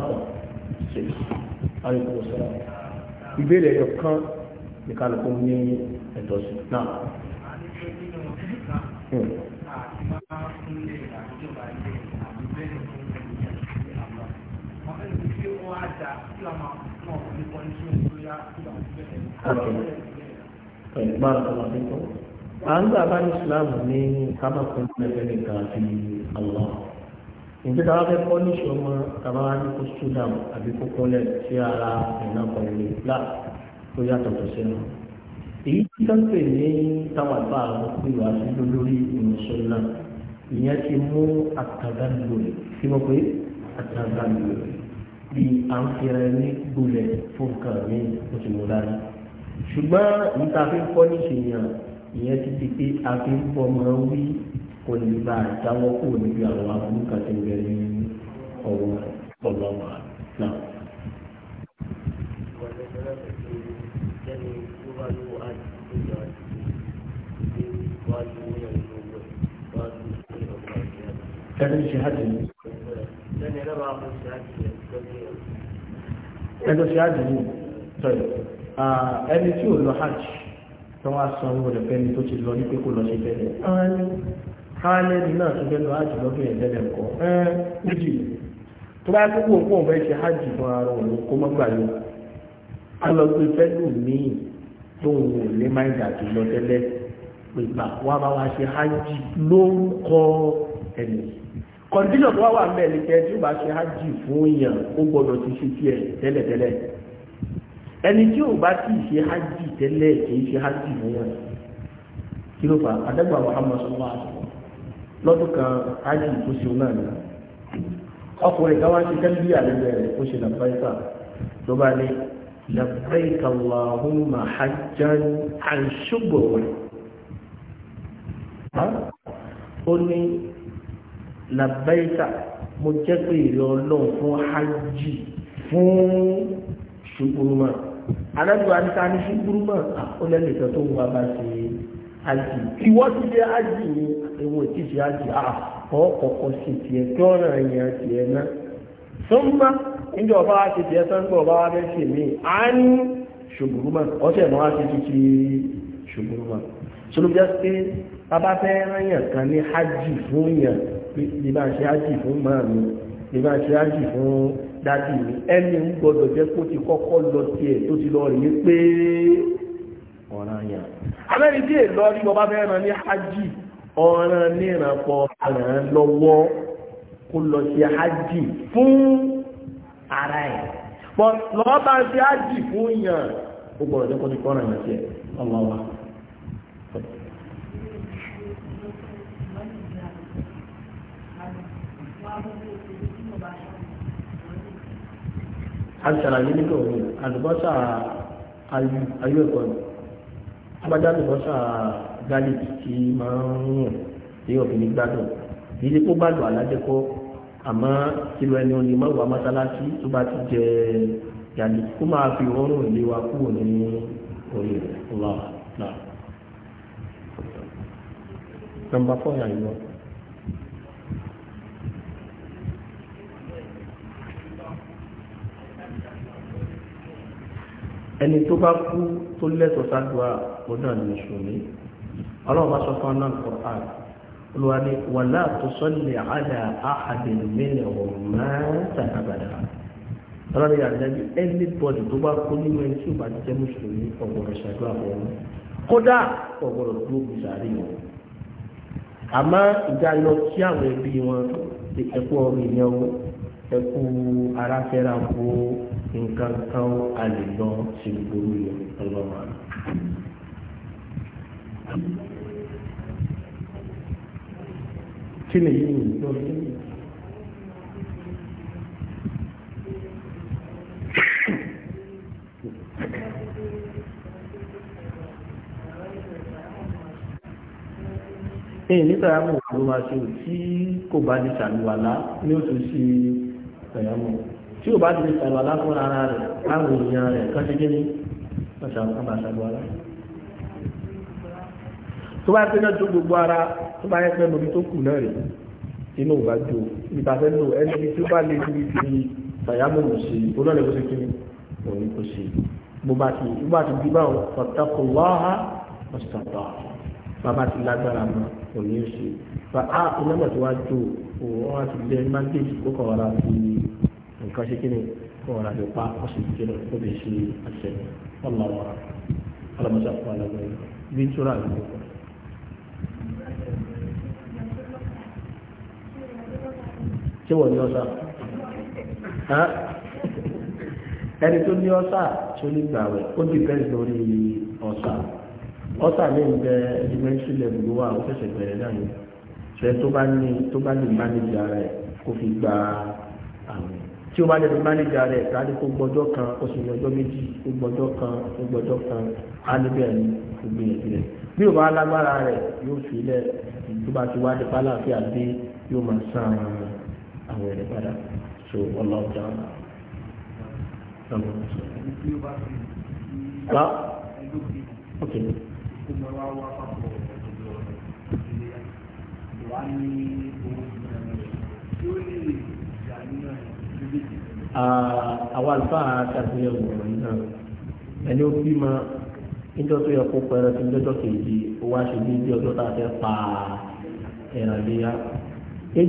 ايوه sílẹ̀ alùpùpù sọ̀rọ̀ ìbéèrè ẹ̀yọ kan ní kálukú ní ẹ̀tọ́ sí náà. Okay. Àǹgbà bá ní Ìsìláàmù ní kábàkùn ní ẹgbẹ́ nìkan àti Allah nítorí táwọn fẹ́ kọ́ ní ìṣòro wọn tàbá wá ní kó sudan àbí kó kọ́lẹ̀ sí ara ìná kọ̀ọ̀lẹ̀ lá tó yàtọ̀ tó sẹ́nu. èyí tí wọ́n pè ní táwọn àgbà àwọn ìwà sílú lórí ìmọ̀sọ́nù náà ìyẹn ti mú àtàgbàgbò tí wọ́n pè àtàgbàgbò bí à ń fira ẹni gbolẹ̀ fún kan ní oṣù mọ́lára. ṣùgbọ́n ìta fi ń kọ́ ní ìṣèyàn ìyẹn ti di pé a fi ń bọ́ kó lè bá níbi àwọn abúlúkà tó ń bẹ ní ọwọ́ ọlọ́wà náà. Ẹni ṣe hajj ni. Ẹni ṣe hajj ni. Ẹni tí ò lọ hajj, tí wọ́n á sanwó rẹ̀ fẹ́ni tó ti lọ ní pé kò lọ sí fẹ́ni kálẹ́ni náà ń gbẹ́nu hajj lọ́dún yẹn lẹ́lẹ̀ nǹkan ẹ́n méjì tó bá gbogbo nǹkan ọ̀bẹ ṣe hajj fún ara òun kó mọ́ gbà yó á lọ pé fẹ́lú míì tóun ò lé máìdà tó lọ tẹ́lẹ̀ pé gbà wá bá wá ṣe hajj lórúkọ ẹ̀mí kọ̀ǹdíṣọ̀ tó wá wà ń bẹ̀ ní pé tí ó bá ṣe hajj fún èèyàn ó gbọ́dọ̀ ti ṣe tiẹ̀ tẹ́lẹ̀tẹ́lẹ̀ ẹni tí ò bá ti ṣe hajj tẹ́lẹ̀ kì í ṣe hajj fún yàn kí ló fà á adágbà Muhammad sọ́wọ́ àṣọ lọ́dún kan ayé ìkóṣe náà ni ọkùnrin kan wá ṣe kẹ́lí àlejò rẹ̀ ó ṣe làbáyíká ló bá ní làbáyíká Allahumma hajjan an shubur ó ní làbáyíká mo jẹ́ pé ìrẹ́ ọlọ́run fún hajj fún ṣubúrúmọ̀ alájọ àti ká ní ṣubúrúmọ̀ ó lẹ́nu ìtọ́ tó ń wá bá ṣe é ájì tí wọ́n ti ṣe ájì ni ìwọ̀n ti ṣe ájì àkọ́ kọ̀ọ̀kọ́ ṣe tiẹ̀ tí ọ̀ràn ẹ̀yàn tiẹ̀ náà sọ́mbà níjọ́ ọba wa ṣe tiẹ̀ sọ́mbà ọba wa fẹ́ ṣe mí á ní ṣògbùrúmọ̀ ọ̀sẹ̀ náà ṣe ti ṣe ṣògbùrúmọ̀ sọlọ́jà pé bàbá fẹ́ rányàn kan ní ájì fún yàn bí bá ṣe ájì fún màmí bí bá ṣe ájì fún dádì mi ẹni ń gbọdọ̀ jẹ́ kó ti kọ́kọ́ lọ tiẹ̀ tó ti lọ rèé pé ọ̀ràn yẹn. abẹ́rẹ́ tí èlò rí bọ́ bá fẹ́ ràn ní hajj ọ̀ràn ní ìrànpọ̀ ràn lọ́wọ́ kó lọ sí hajj fún ara ẹ̀ bọ́ lọ́wọ́ bá ń fi hajj fún yàn ó gbọ́dọ̀ jẹ́ kó ti kọ́ ràn yẹn sí ẹ̀ ọlọ́wà. àṣàlàyé nígbà òun àdùbọ́sà ayú ẹ̀kọ́ ni agbájá lè bọ́sà gálíìkì tí máa ń yàn tí obìnrin gbádùn ìdí kó gbádùn alájẹkọ àmọ́ irú ẹni òní má wà mọ́sálásí tó bá ti jẹ gálíìkì kó máa fi rọrùn ilé wa kúrò ní orí rẹ̀ lọ náà. nọ́mbà fọ́ yà yín lọ. ẹni tó bá kú tó lẹ́tọ̀ọ́ sáduà ó náà ní mùsùlùmí ọlọ́run bá sọ fún anáà Qur'an olùwà ni wàlá tusalli ala ahadin minhum mata abada ọlọ́run yà lẹ́bi anybody tó bá kú nínú ẹni tí ò bá ti jẹ́ mùsùlùmí ọ̀gbọ̀rọ̀ ṣàdúrà fún un kódà ọ̀gbọ̀rọ̀ tó gbèsàrí wọn àmọ́ ìjà lọ sí àwọn ẹbí wọn ẹkú ọrùn ìyẹn o ẹkú aráfẹ́ra kó nǹkan kan a lọ sí gbogbo ìlú ọlọ́run àná kí lè yí ìwé tó ṣe èyí nípa àmọ́ òkúrò máa ṣe tí kò bá di ṣàlùwàlá ní ó tún sí ẹ̀yàmọ̀ tí ò bá di ṣàlùwàlá fún ara rẹ̀ láwọn èèyàn rẹ̀ kan ṣe gé ní ọ̀ṣàlùwàlá tó bá pẹ́ náà tó gbogbo ara tó bá yẹ pẹ́ lórí tó kù náà rèé inú ò bá jó ìbàfẹ́ lò ẹni tó bá lè fi fi fàyàmù lò sí olóòlẹ̀ bó ṣe kí ni òní kò sí bó bá ti bó bá ti bí báwọn ọ̀tàkùn lọ́ha ọ̀sàtọ̀ bàbá ti lágbára mọ́ òní ó ṣe bá a onígbà tó wá jó òun wá ti lé mágéèjì kó kọ̀ ọ̀rá fi nǹkan ṣe kí ni kó ọ̀rá fi pa ó sì kí ó lè ṣe àṣẹ ọlọ́wọ́ ọlọ́mọṣàfọ́ àlọ́ bí ń túra àlùkò tí wọ́n ní ọ̀sà ẹni tó ní ọ̀sà tó ní gbàwẹ̀ ó di bẹ́ẹ̀ lórí ọ̀sà ọ̀sà ní ìbẹ́ dimension level ló wà ó fẹsẹ̀ bẹ̀rẹ̀ náà ni ṣe tó bá ní tó bá lè manage ara ẹ̀ kó fi gba àwọn tí o bá lè fi manage ara ẹ̀ káàdì kó gbọ́jọ́ kan ó sì ní ọjọ́ méjì ó gbọ́jọ́ kan ó gbọ́jọ́ kan á níbẹ̀ ni kó gbìyànjú rẹ̀ bí o bá lágbára rẹ̀ yóò fi lẹ̀ tó bá ti wá dé pálá àfi àdé yóò máa sàn án. àwọn èrè padà so ọlọ́ọ̀dà ọ̀la ah àwọn àlùfáà àtàkùnyẹ̀ wọ̀nyí náà ẹni ó bí ma níjọ́ tó yẹ kó pẹ̀rẹ́ sí lọ́jọ́ kejì ó wá ṣe bí bí ọjọ́ tá pa ẹ̀rọ ìléyà. ẹ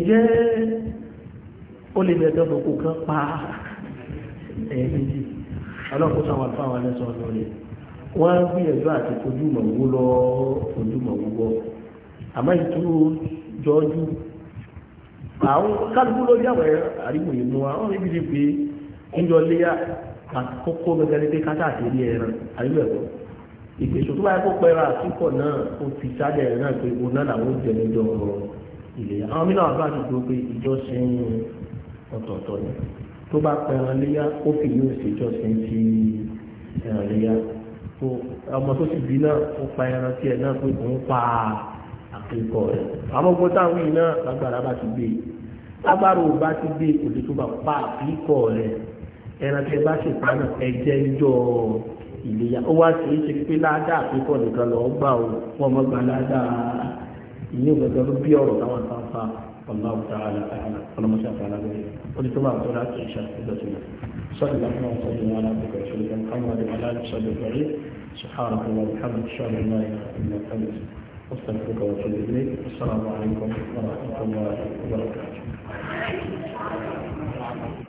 ó lè bẹ̀rẹ̀ tó kò kán pa ẹ̀ẹ́dì ọlọ́pọ̀ sáwọn àfáwọn ẹlẹ́sọ̀ lórí wọ́n ń gbìyànjú àti ojúmọ̀ owó lọ ojúmọ̀ owó bọ́ àmọ́ ìtúrú jọjú àwọn kálukú lórí àwọn àríwò yìí mú wa wọ́n níbi ní pé níjọ léyà àkókò gẹ́gẹ́ pé kátà àti ilé ẹran àríwò ẹ̀kọ́ ìpèsè tó bá yẹ kó pẹ́ra àtúkọ̀ náà ó fi sáré ẹ̀rọ pé òun náà làwọn ò jẹ́ níjọ ilé àwọn mìíràn àbájọ pé ìjọ sẹ́yìn ọ̀tọ̀ọ̀tọ̀ ni tó bá pa ẹran léyà ó fi yóò ṣèjọsìn ti ẹran léyà tó ọmọ tó ti bí náà ó pa ẹran tiẹ̀ náà pé òun pa àkẹ́kọ̀ọ́ rẹ̀ àwọn ọgbọ́n táwọn yìí náà lágbára bá ti gbé lágbára ò bá ti gbé kò lè tó bá pa àkẹ́kọ̀ọ́ rẹ̀ ẹran tí ẹ bá ṣèpá náà ẹ jẹ́ ijó ìléyà ó wá sí ṣe pé ládàá àkẹ́kọ̀ọ́ nìkan lọ́ọ́ gbà ó wọ́n mọ́ gba ládàá ìyẹn ò gbẹgbẹ́ bí ọ̀rọ̀ táwọn kan fa والله تعالى أعلم ولما شاء تعالى ذلك ولتبارك ولا تعيشها قدرتنا صلى الله وسلم على عبدك ورسولك محمد وعلى آله وصحبه أجمعين سبحانك اللهم وبحمدك أشهد أن لا إله إلا أنت أستغفرك وأتوب إليك والسلام عليكم ورحمة الله وبركاته